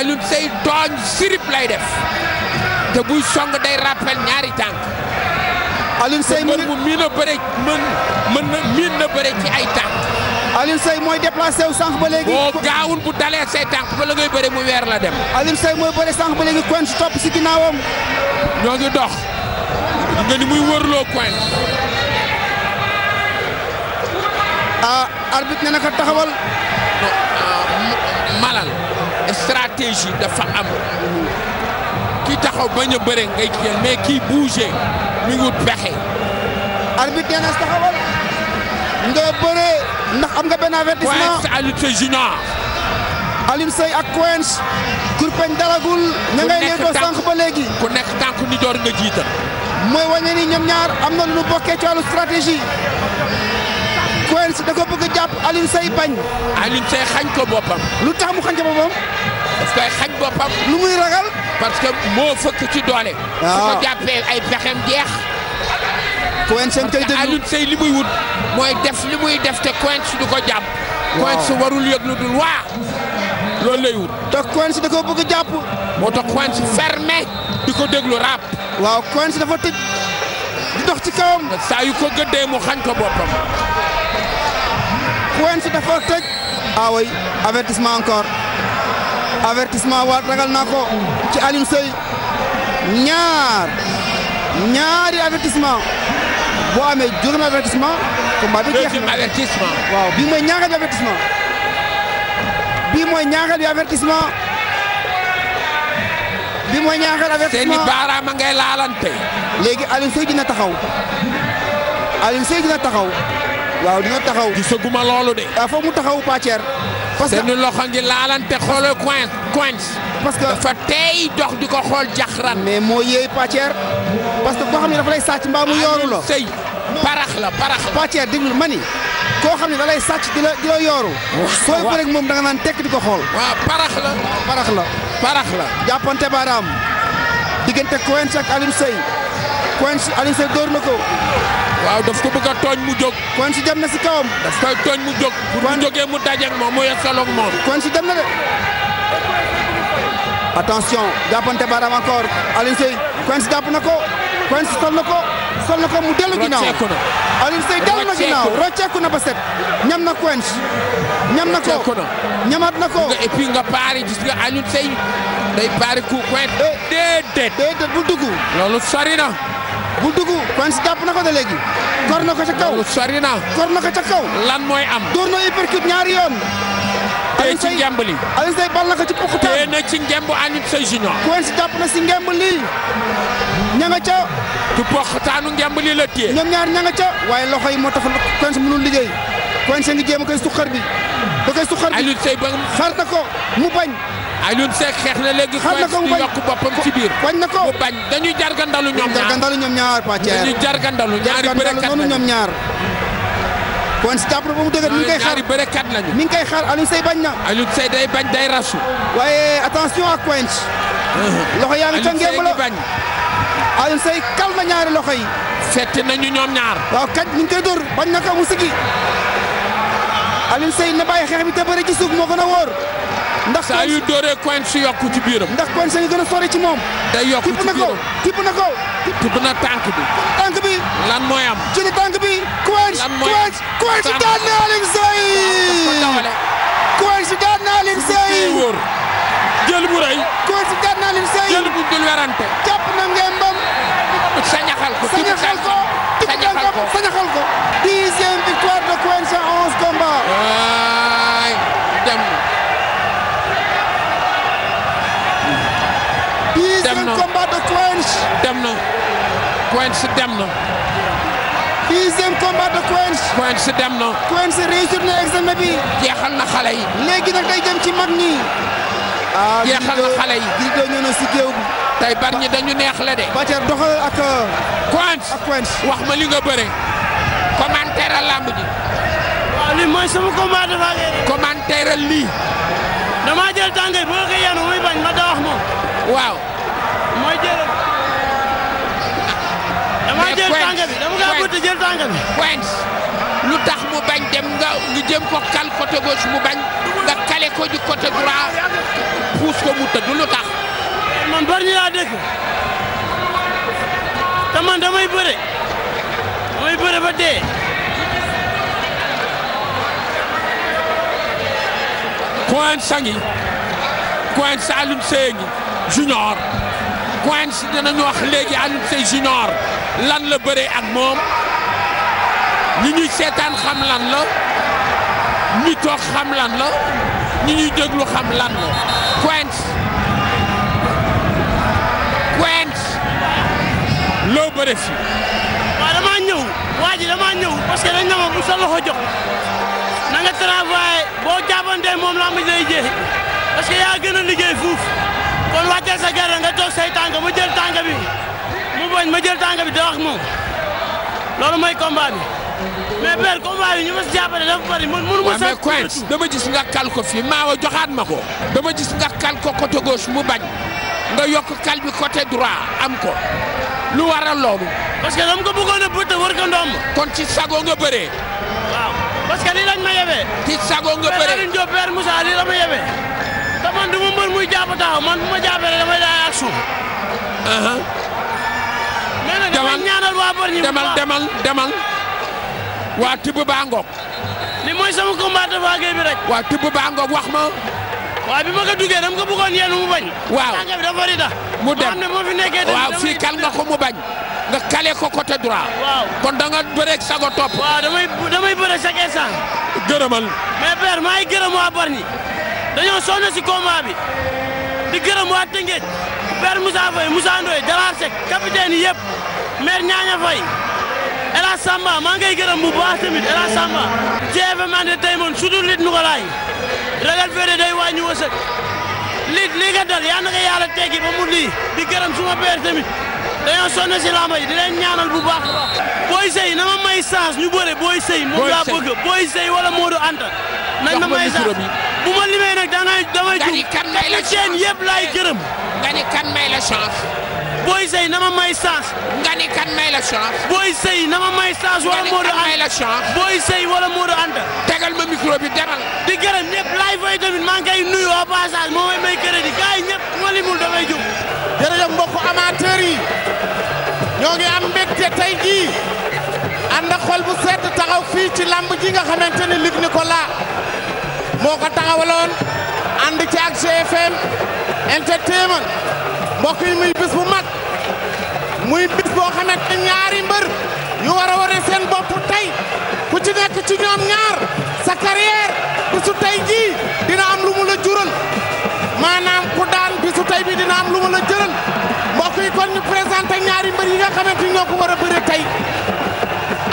Alioune Seye tooñ sirip lay def te buy song day rappel ñaari tànk. Alioune Seye mu miin a bëre mën mën miin na bëre ci ay tànk. Alioune Seye mooy déplacé wu sànq ba léegi. boo gaawul bu dalee say tànk ba la ngay bëre mu weer la dem. Alioune Seye mooy bëre sànq ba léegi coin topp si ginnaawam. ñoo ngi dox. nga ni muy wërloo coin. ah arbitre ne na taxawal. Ah, malal. stratégie dafa am ki taxaw bañ a bëre ngay jël mais kii bougé mi pexe. nga bëre ndax am nga benn avertissement Coence Alioune Seye junior. Alioune ak Coence. kurpeñ daragul. ña ko sànq ba léegi ku nekk tànku ni door nga jiital. mooy wane ni ñoom ñaar am na lu ñu bokkee ci wàllu stratégie. Coence da ko bëgg a jàpp Alioune Seye bañ. Alioune xañ ko boppam. lu tax mu xañ ko boppam. daf koy xañ boppam. lu muy ragal. parce que moo fëkk ci doole. waaw su ko ah. ay pexem jeex. Quench seen kay déglu Alioune Seye li muy wut mooy def li muy def te Quench du ko jàpp. waaw Quench warul yëg lu dul waa loolu lay wut. te Quench da koo bëgg jàpp. di ko déglu rap. waaw Quench dafa tëj di dox ci kawam. saa yu ko gëddee mu xañ ko boppam. Quench dafa tëj. waaw ah avertissement encore. avertissement waat ragal naa ko ci Alioune Seye ñaar ñaari avertissement boo amee juróomi avertissement. combat bi jeex na waaw bii mooy ñaareel bi avertissement bii mooy ñaareel bi avertissement bi mooy ñaareel avertissement seeni baaraama ngay laalante. léegi Alioune Seye dina taxaw Alioune Seye dina taxaw waaw dina taxaw. gisaguma loolu de. ah foofu mu taxaw Pàcceer. parce que seen loxo ngi laalante xoolal coin coin. parce que dafa tey dox di ko xool jaxran. mais moo yéey pàcceer parce que koo xam ne dafa lay sàcc mbaa mu yooru la sëy parax la parax la. ma koo xam ne da lay sàcc di la moom da nga naan ko xool. waaw parax la. parax la parax la. jàppante baaraam diggante coin ak Alioune Seye. Quench Alioune Seye dóor na ko. waaw daf ko bëgg a tooñ mu jóg. Quench dem na si kawam. daf koy tooñ mu jóg. pour jógee mu dajeeg moom mu yasaloog moom. Quench dem na de. attention jàppante baaraam encore Alioune Seye. Quench jàpp na ko. Quench sol na ko. sol na ko mu dellu ginnaaw rocceeku na. na ba set. ñam na Quench. ñam na ko rocceeku na. ñamaat na ko. et puis nga paari gis nga Alioune Seye. day paari coup Quench. Eh. bu dugg kon si jàpp na ko de léegi. kor na ko ca kaw sori na na ko ca kaw. lan mooy am. door na uppercut ñaari yoon. tey ci ngemb li Alioune Seye bal na ko ci poqutaan tey na ci ngemb Alioune Seye junior. kon si jàpp na si ngemb lii ña nga ca. du poquataanu ngemb li la téye. ñoom ñaar ña nga ca waaye loxo yi moo tax kon si mënul liggéey kon si ngi jéem a koy suqar bi ba koy suqar bi xar na ko mu bañ. Alioune Seck xeex na léegi. xam na ko mu bañ yokk boppam ci biir. wañ na ko mu bañ dañuy jargandalu ñoom ñaar jargandalu ñoom ñaar Pathier dañuy jargandalu ñaari bërekat lañu ñoom ñaar. kon si jàpp na ba mu dëgër mi ngi koy xaar ñaari bërekat lañu. mi ngi koy xaar Alioune na. Alioune Seye day bañ day rasu. waaye attention ak Quench. Uh-huh. loxo yaa ngi ca ngéem la bañ. Alioune Seye kal na ñaari loxo yi. setti nañu ñoom ñaar. waaw kañ mi ngi koy dóor bañ na ko mu sigi Alioune Seye na bàyyi xeex bi te bëri ci suuf moo gën a ndax saa yu dooree Quench yokku ci biiram. ndax Quench ngi gën a sori ci moom. day yokku ci biiram tibb na ko tibb na tànk bi. tànk bi lan mooy am. jëli tànk bi. Quench Quench Quench daan na Alioune Seye. Quench daan na Alioune Seye. jël bu rëy. Quench daan na Alioune Seye. jël bu dul werante. jàpp na ngembam. sañaxal ko sañaxal ko sañaxal ko. dixième victoire de Quench en onze combats. dem na combat de Quench. dem na Quench dem na. de Quench. Quench dem na. Quench na examen bi. jeexal na xale yi. léegi nag day jëm ci mag ñi. ah jeexal na xale yi. di doon ñëw na si géew bi. tey bari ñi dañu neex la de. Bacar doxal euh, wax ma li nga bëre. commentaire al ji. da wax moom. waaw. dama jël tànk bi dama kaa bëtt jël tànk bi. point lu tax mu bañ dem nga lu jëm ko kal mu bañ nga kale ko ji puus ko mu tëdd lu tax. man bari ñu laa dëkk te man damay bëre damay bëre ba dee. Quench sangi Quench Alioune Sèye ngi junior Quench dinañu wax léegi Alioune Sèye junior lan la bëree ak moom ñi ñuy seetaan xam lan la ñi toog xam lan la ñi ñuy déglu xam lan la Quench Quench loo bëre fi waaw damaa ñëw waa ji damaa ñëw parce que dañ na ma bu sa loxo jox na nga travaillé boo jàppantee moom laa ma lay jeexi parce que yaa gën a liggéey fuuf kon wàccee sa garra nga toog say tànk ma jël tànk bi mu bañ ma jël tànk bi da moom loolu moy combat bi mais père combat bi ñu ma si jàppale dafa bari man mënu ma. sax mais dama gis nga kal ko fii ma ko. dama nga kal ko côté gauche mu bañ nga yokk kal bi côté am ko lu waral loolu. parce que dama ko bëggoon a bëtt wër ko kon ci sago nga bëree. waaw parce ma yebee. ci sago nga bëree père Alioune Diop père Moussa lii la ma yebee. man du ma mbër muy jàpp man bu ma jàppee damay daay demal ñaanal waa Bargny demal demal tibb baa ngoog. li mooy sama combat Tapha Gueye bi rek. waa tibb baa ngoog wax ma. waaw bi ma ko duggee dama ko bëggoon yéen mu bañ. waaw fi kal nga ko mu bañ. nga kale ko côté droit. waaw kon da nga damay damay bëreeg chaque gërëmal. mais père maa ngi gërëm waa Bargny dañoo sonn si combat bi di gërëm waa Tëngéej père Moussa Faye Moussa Ndoye Dara Seck capitaine yëpp. maire Ñaaña Faye El Hadj Samba maa ngay gërëm bu baax tamit El Hadj Samba ci événement de tey moom sudul lit nu ko laaj ragal féede day wësëg lit lii nga dal yaa ba mu lii di gërëm suma père tamit dañoo sonn si lamba yi di ñaanal bu a baax booy sëy na ma may chance booy sëy moom laa bëgg booy sëy wala Modou Anta nañ ma may chance bu ma limee nag dangay damay ju technicien gërëm Boy Seye na ma may chance. nga kan may la chance. Boy Seye na ma may chance. wala Modou Anta may la chance. Boy Seye wala Modou Anta. tegal ma micro bi di gërëm ñëpp laay fay tamit maa nuyu au passage moo may may crédit gars yi ñëpp ma limul damay mbokku amateurs yi ñoo ngi am mbégte tey jii ànd xol bu sedd taxaw fii ci lamb ji nga xamante ni Luc Nicolas moo ko taxawaloon ànd ci ak GFM entertainment mbokk yi muy bis bu mag muy bis boo xamante ñaari mbër yu war a wane seen bopp tey ku ci nekk ci ñoom ñaar sa carrière bisu tey jii dina am lu mu la jural maanaam ku daan bisu tey bi dina am lu mu la jëral mbokk yi kon ñu présenté ñaari mbër yi nga xamante ñoo ko war a bëre tey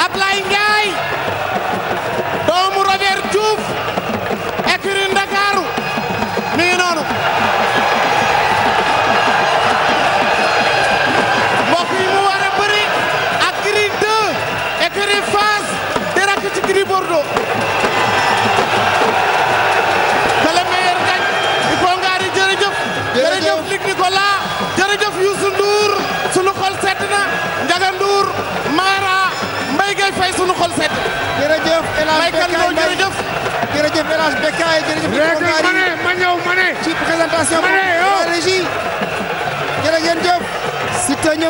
Ablaye Ndiaye doomu Robert Diouf Elhadj Becaye Mbaye jërëjëf Elhadj Becaye ma ne ma ne. ci présentation ma oh. ne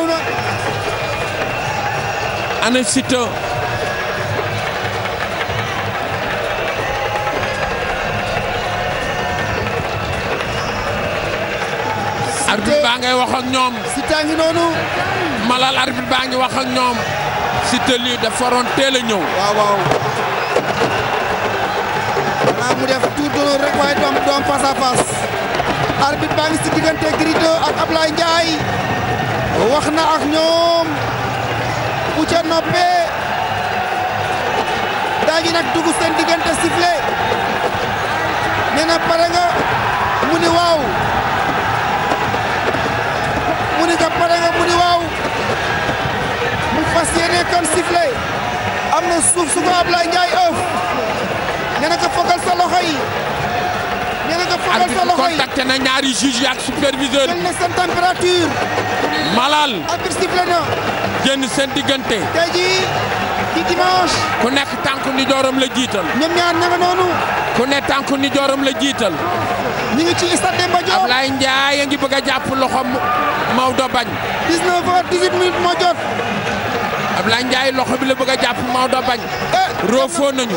ana Siteu. arbitre baa ngay wax ñoom. Siteu ngi noonu. Malal arbitre baa ngi wax ñoom. Siteu lii dafa waroon teel a dóor rek waaye du am du am face à face arbitre baa ngi si diggante Gris 2 ak Ablaye Ndiaye wax na ak ñoom bu ca noppee daa ngi nag dugg seen diggante sifflet nee na pare nga mu ni waaw mu ni nga pare nga mu ni waaw mu fas yéene kon sifflet am na suuf su ko Ablaye Ndiaye ëf nee na ko fogal sa loxo yi. nee na ko na ñaari juge yi ak superviseur. jël na seen malal arbitre seen diggante. tey ku nekk tànku ni la jiital. ñoom ñaar ña nga noonu. ku ne tànku ni jooram la jiital. ñu ngi ci stade Demba Diop Ablaye Ndiaye a ngi bëgg a jàpp loxo Maodo bañ. 19 Ablaye Ndiaye loxo bi la bëgg a jàpp Maodo bañ. roofoo nañu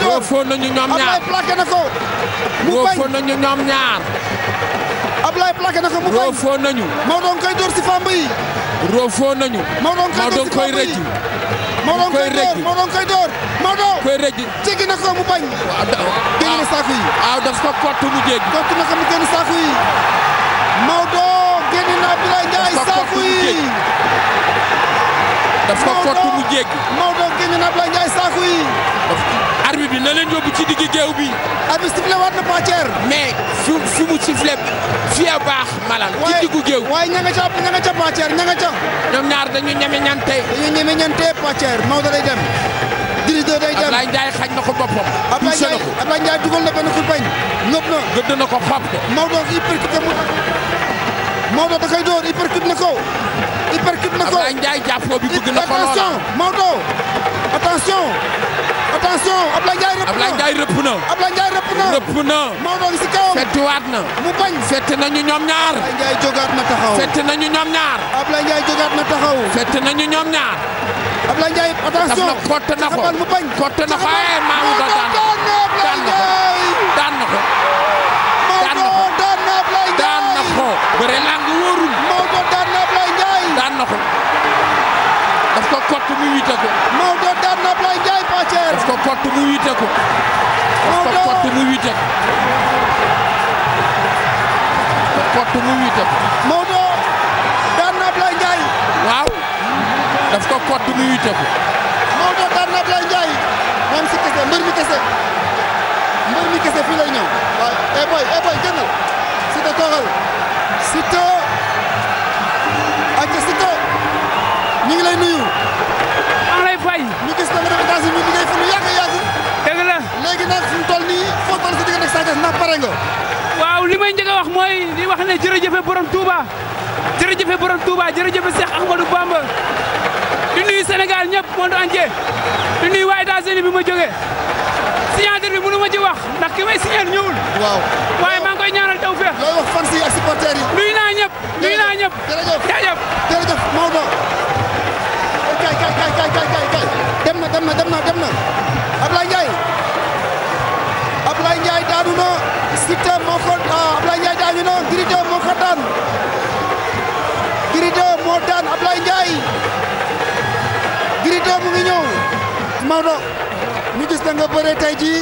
roofoo nañu ñoom ñaar roofoo nañu ñoom ñaar. mu bañ roofoo nañu. Maodo nga koy door si fàmb koy rëcc. Maodo nga mu bañ. génn na yi. waaw daf ko kott mu jéggi. kott na mu génn saako yi. Maodo génn na Ablaye Ndiaye saako yi. dafa fott mu jéggi. Maodo génn na Ablaye Ndiaye saako yi. arbitre bi na leen yóbbu ci digg géew bi. arbitre sifflé waat na Pathier. mais fi fi mu sifflé fii a baax malal. ci diggu géew waaye ña nga ca ña nga ña nga ca. ñoom ñaar dañu ñeme ñante. dañu ñeme ñante Pathier Maodo day dem. dirigeant day dem Ablaye Ndiaye xañ na ko boppam. Ablaye Ndiaye Ablaye Ndiaye dugal na benn kurbañ. nëb na gëdd na ko xob ko. Maodo hypercute mu Maodo da koy door hypercute na ko. hypercute na ko Ablaye Ndiaye jàppoo bi bëgg na ko loola attention Maodo attention attention Ablaye Ndiaye rëpp na Ablaye Ndiaye rëpp na Ablaye Ndiaye rëpp na rëpp na Maodo ngi si kawam fettiwaat na mu bañ fett nañu ñoom ñaar Ablaye Ndiaye jógaat na taxaw fett nañu ñoom ñaar Ablaye Ndiaye jógaat na taxaw fett nañu ñoom ñaar Ablaye Ndiaye attention daf na kott na ko mu bañ kott na ko ay eh, Maodo daan daan na ko daan na ko daan na ko daan na ko bëre lang kott mu wite ko. Maodo daan na Ablaye Ndiaye Pàcceer. daf ko kott mu wite ko. Maodo daf ko kott mu wite ko. kott mu wite ko. Maodo daan na Ablaye Ndiaye. waaw daf ko kott mu wite ko. Maodo daan na Ablaye Ndiaye. moom si kese mbër mi kese. mbër mi kese fii lay ñëw. waaw eh boy eh boy génnal. Siteu toogal. Siteu ak Siteu ñu ngi lay nuyu. waay. ñu gis na nga def état civil liggéey fa lu yàgg la léegi nag fu mu toll nii foo toll sa diggante ak Sa Thiès ndax pare nga. waaw li may njëkk wax mooy di wax ne jërëjëfe borom Touba jërëjëfe borom Touba jërëjëfe Cheikh Ahmadou Bamba di nuyu Sénégal ñëpp monde entier di nuyu waa États-Unis bi ma jógee signature bi mënu ma ci wax ndax ki may signer ñëwul. waaw waaye maa koy ñaanal taw feex. looy wax fans yi ak supporters yi. nuyu naa ñëpp nuyu naa ñëpp. jërëjëf jërëjëf Maodo. Ndiaye dem na dem na dem na dem na Ablaye Ndiaye Ablaye Ndiaye daanu na Siteu moo ko ah, Ablaye Ndiaye daanu na Gris 2 moo ko daan Gris 2 moo daan Ablaye Ndiaye Gris 2 mu ngi ñëw Maodo jii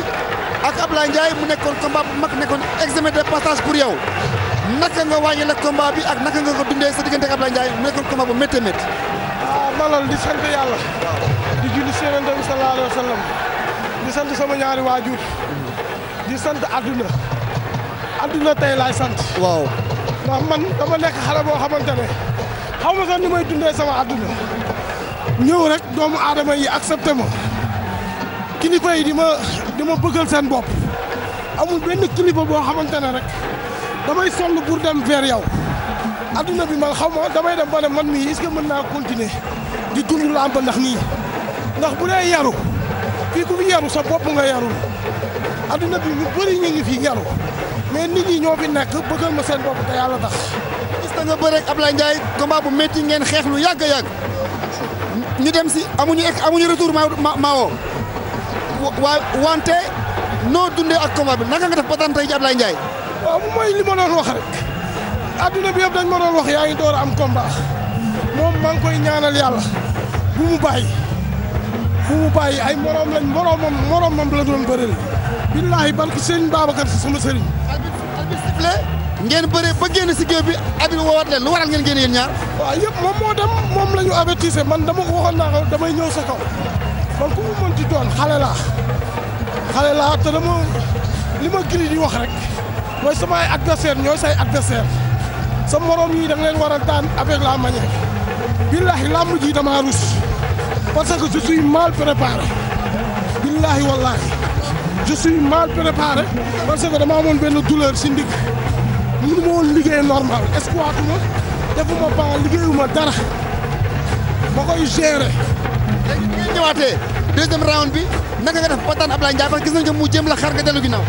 ak Ablaye Ndiaye mu nekkoon combat bu nekkoon examen de passage naka nga wàññi la ak naka nga dundee sa diggante ak mu nekkoon combat bu méttee dalal di sant yàlla di julli seenante bi sallallahu alayhi wa sallam di sant sama ñaari waajur di sant adduna adduna tey laay sant waaw ndax man dama nekk xale boo xamante ne xaw ma sax ni may dundee sama adduna ñëw rek doomu aadama yi ak accepté ma kilifa yi di ma di ma bëggal seen bopp amul benn kilifa boo xamante ne rek damay sonn pour mu vers yow adduna bi man xaw ma damay dem ba man mii est mën naa continuer di dund làmb ndax nii ndax bu dee yaru fii ku fi yaru sa bopp nga yarul adduna bi ñu bëri ñu ngi fi yaru mais nit ñi ñoo fi nekk bëggal ma seen bopp te yàlla tax. gis nga bëre ak Ablaye Ndiaye combat bu métti ngeen xeex lu yàgg yàgg ñu dem si amuñu amuñu retour ma maawo waa wante noo dundee ak combat bi naka nga def ba daan tey ci Ablaye Ndiaye. waaw mooy li ma doon wax rek adduna bi yëpp dañ ma doon wax yaa ngi door a am combat moom yàlla. bu mu bàyyi bu mu bàyyi ay moroom lañ moroomam moroomam la doon bëreel. billaahi barki sëriñ Babacar si sama sëriñ. arbitre arbitre sifflé ngeen bëree ba génn si géew bi abi woowaat leen lu waral ngeen génn yéen ñaar. waaw yëpp moom moo dem moom la ñu avertise man dama ko waxoon naa damay ñëw sa kaw man ku mu mën ci doon xale laa xale laa te dama li ma giri di wax rek mooy sama ay adversaire ñooy say adversaire sa morom yi da nga leen war a daan avec la manière billahi làmb ji dama parce que je suis mal préparé billahi wallahi je mal préparé parce que dama amoon benn douleur si ndig mënu ma woon liggéey normal espoir ma defu ma baax liggéeyuma dara ma koy gérer. léegi bi ngeen round bi naka nga def ba daan Ablaye Ndiaye parce que gis ko mu jéem la xar nga dellu ginnaaw.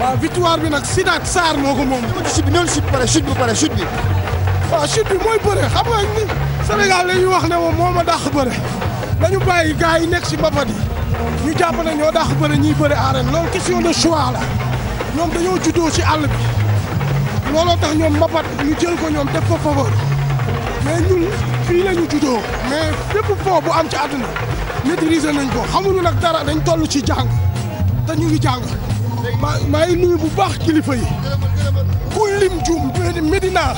waaw victoire bi nag Sidaat Sarr moo ko moom. chute bi noonu chute bi pare chute bi pare chute bi. waaw mooy bëre xam nga ni Sénégal la ñuy wax ne moom moo dañu bàyyi gaa yi nekk si mbapat yi ñu jàpp ñoo dàq bëre ñuy bëre arène loolu question de choix la ñoom dañoo juddoo si àll bi looloo tax ñoom mbapat ñu jël ko ñoom def ko faveur mais ñun fii la juddoo mais bépp foo bu am ci àdduna maîtriser nañ ko xamuñu nag dara dañ toll ci jàng te ñu ngi jàng maa maa ngi bu baax kilifa yi ku lim juum Medina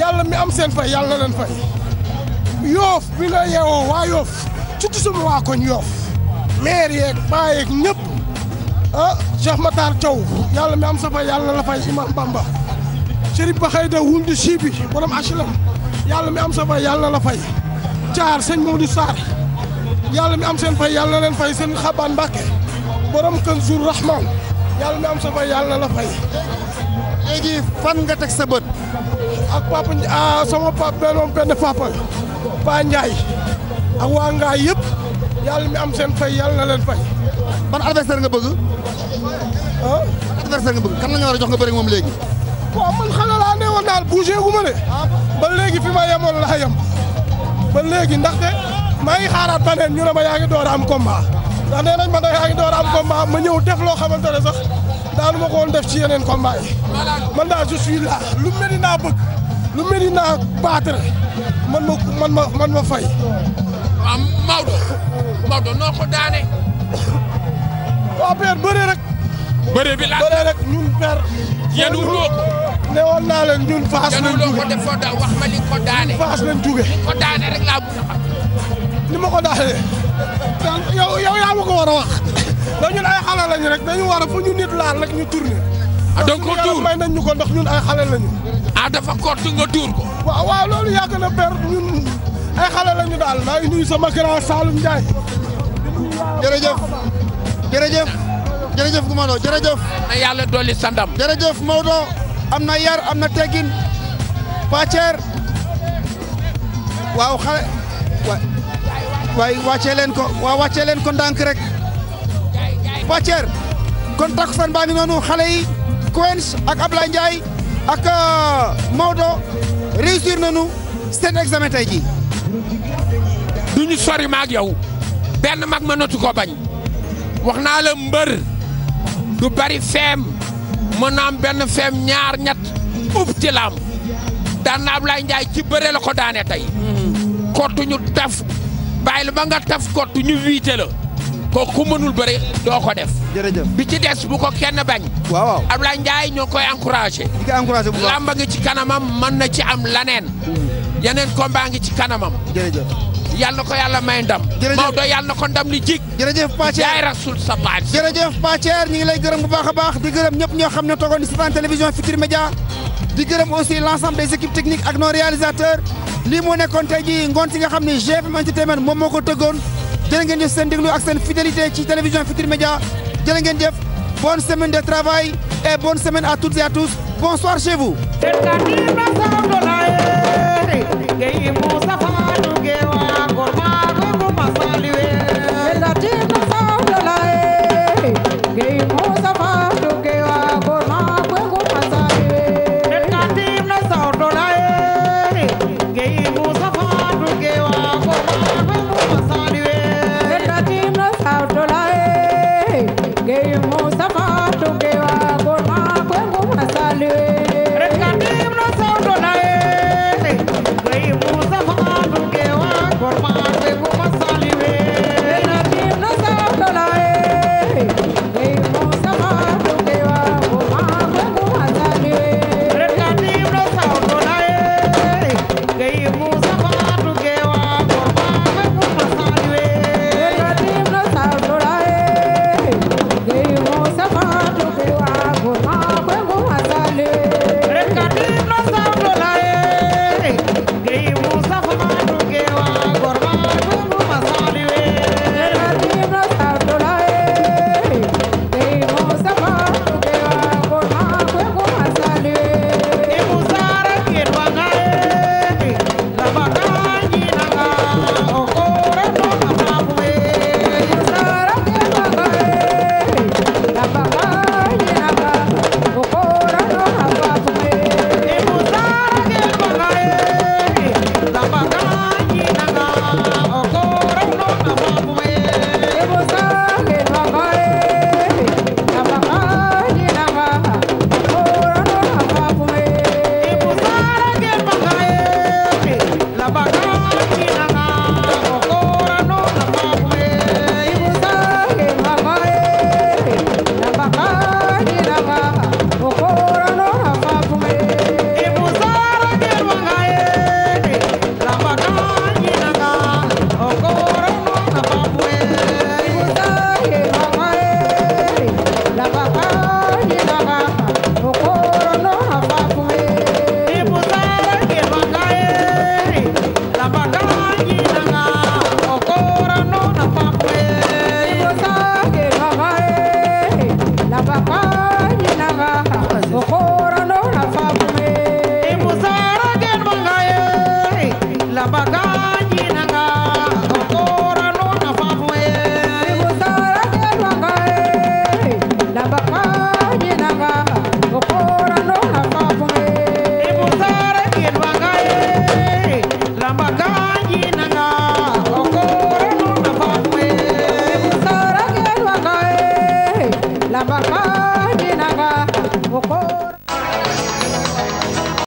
yàlla mi am seen fay yàlla leen fay yoof bi nga yeewoo waa yoof surtout sama waa koñ Yoff maire yeeg baa yeeg ñëpp ah Cheikh Matar Thiaw yàlla mi am sa fay yàlla la fay Imam Bamba Chérif Bakhayda wundu siibi borom asilam yàlla mi am sa fay yàlla la fay Thiar sëñ Modou am seen fay yàlla leen fay seen xabaan Mbàkke borom kan jour yàlla mi am sa fay yàlla la fay léegi fan nga teg sa bët ak papa ah, sama papa benn papa Paa Ndiaye ak waa Ngaay yëpp yàlla mi am seen fay yàlla na leen fay. ban adversaire nga bëgg. ah. ban adversaire nga bëgg kan la war a jox nga bëri moom léegi. waaw man xale laa ne woon daal bougé gu ma ba léegi fi ma yemoon laa yem. ba léegi ndaxte maa ngi xaaraat beneen ñu ne ma yaa ngi door a am combat ndax nee nañ ma yaa ngi door am combat ma ñëw def loo xamante ne sax daanu ma ko woon def ci yeneen combat man daal je suis là lu Medina bëgg lu Medina battre man man ma man ma fay. waaw Maodo Maodo noo ko daane. waaw père bëre rek. bëre bi la bëre rek ñun père. yanu loo ne woon naa leen ñun faas lañ jóge ko def da wax ma li ko daane. faas lañ jóge li ko daane rek laa bëgg a ni ma ko daane. yow yow yaa ma ko war a wax. na ñun ay xale lañu rek dañu war a fu ñu nit laal rek ñu tourné. ah donc ko tuur nañ ñu ko ndax ñun ay xale lañu. ah dafa kott ko. waaw waaw loolu yàgg na père ñun. ay xale lañu daal maa ngi nuyu sama grand Saloum Ndiaye. jërëjëf jërëjëf jërëjëf Goumano jërëjëf. na yàlla dolli sa ndam. am na yar am na teggin pàcceer waaw xale waay wàccee leen ko waaw wàccee leen ko ndànk rek pàcceer kon takkusaan baa ngi noonu xale yi Quench ak Ablaye Ndiaye ak euh, Maodo réussir nañu seen examen du ñu sori maag yow benn mag mënatu ko bañ wax naa la mbër du bari feem mën am benn feem ñaar ñett ub ci laam daan naab lay njaay ci bëre la ko daane tey mhm. kottu ñu taf bàyyi la ba nga taf kottu ñu wiite kooku ku mënul bëre doo ko def. jërëjëf bi ci des bu ko kenn bañ. waaw waaw Ablaye Ndiaye ñoo koy encouragé. di ko encouragé bu baax làmba ngi ci kanamam man na ci am laneen. Hmm. yeneen baa ngi ci kanamam. jërëjëf yal na ko yàlla may ndam. jërëjëf Maodo yal na ko ndam li jig. jërëjëf rasul sa baat. jërëjëf Pathier ñu ngi lay gërëm bu baax baax di gërëm ñëp ñoo xam ne toogoon di seetaan télévision Futurs Médias di gërëm aussi l' ensemble des équipes techniques ak nos réalisateurs lii moo nekkoon tey jii ngoon si nga xam ne GFM Entertainment moom moo ko tëggoon jërë ngeen jëf seen déglu ak seen fidélité ci télévision Futur Média jërë ngeen jëf bonne semaine de travail et bonne semaine à toutes et à tous bonsoir chez vous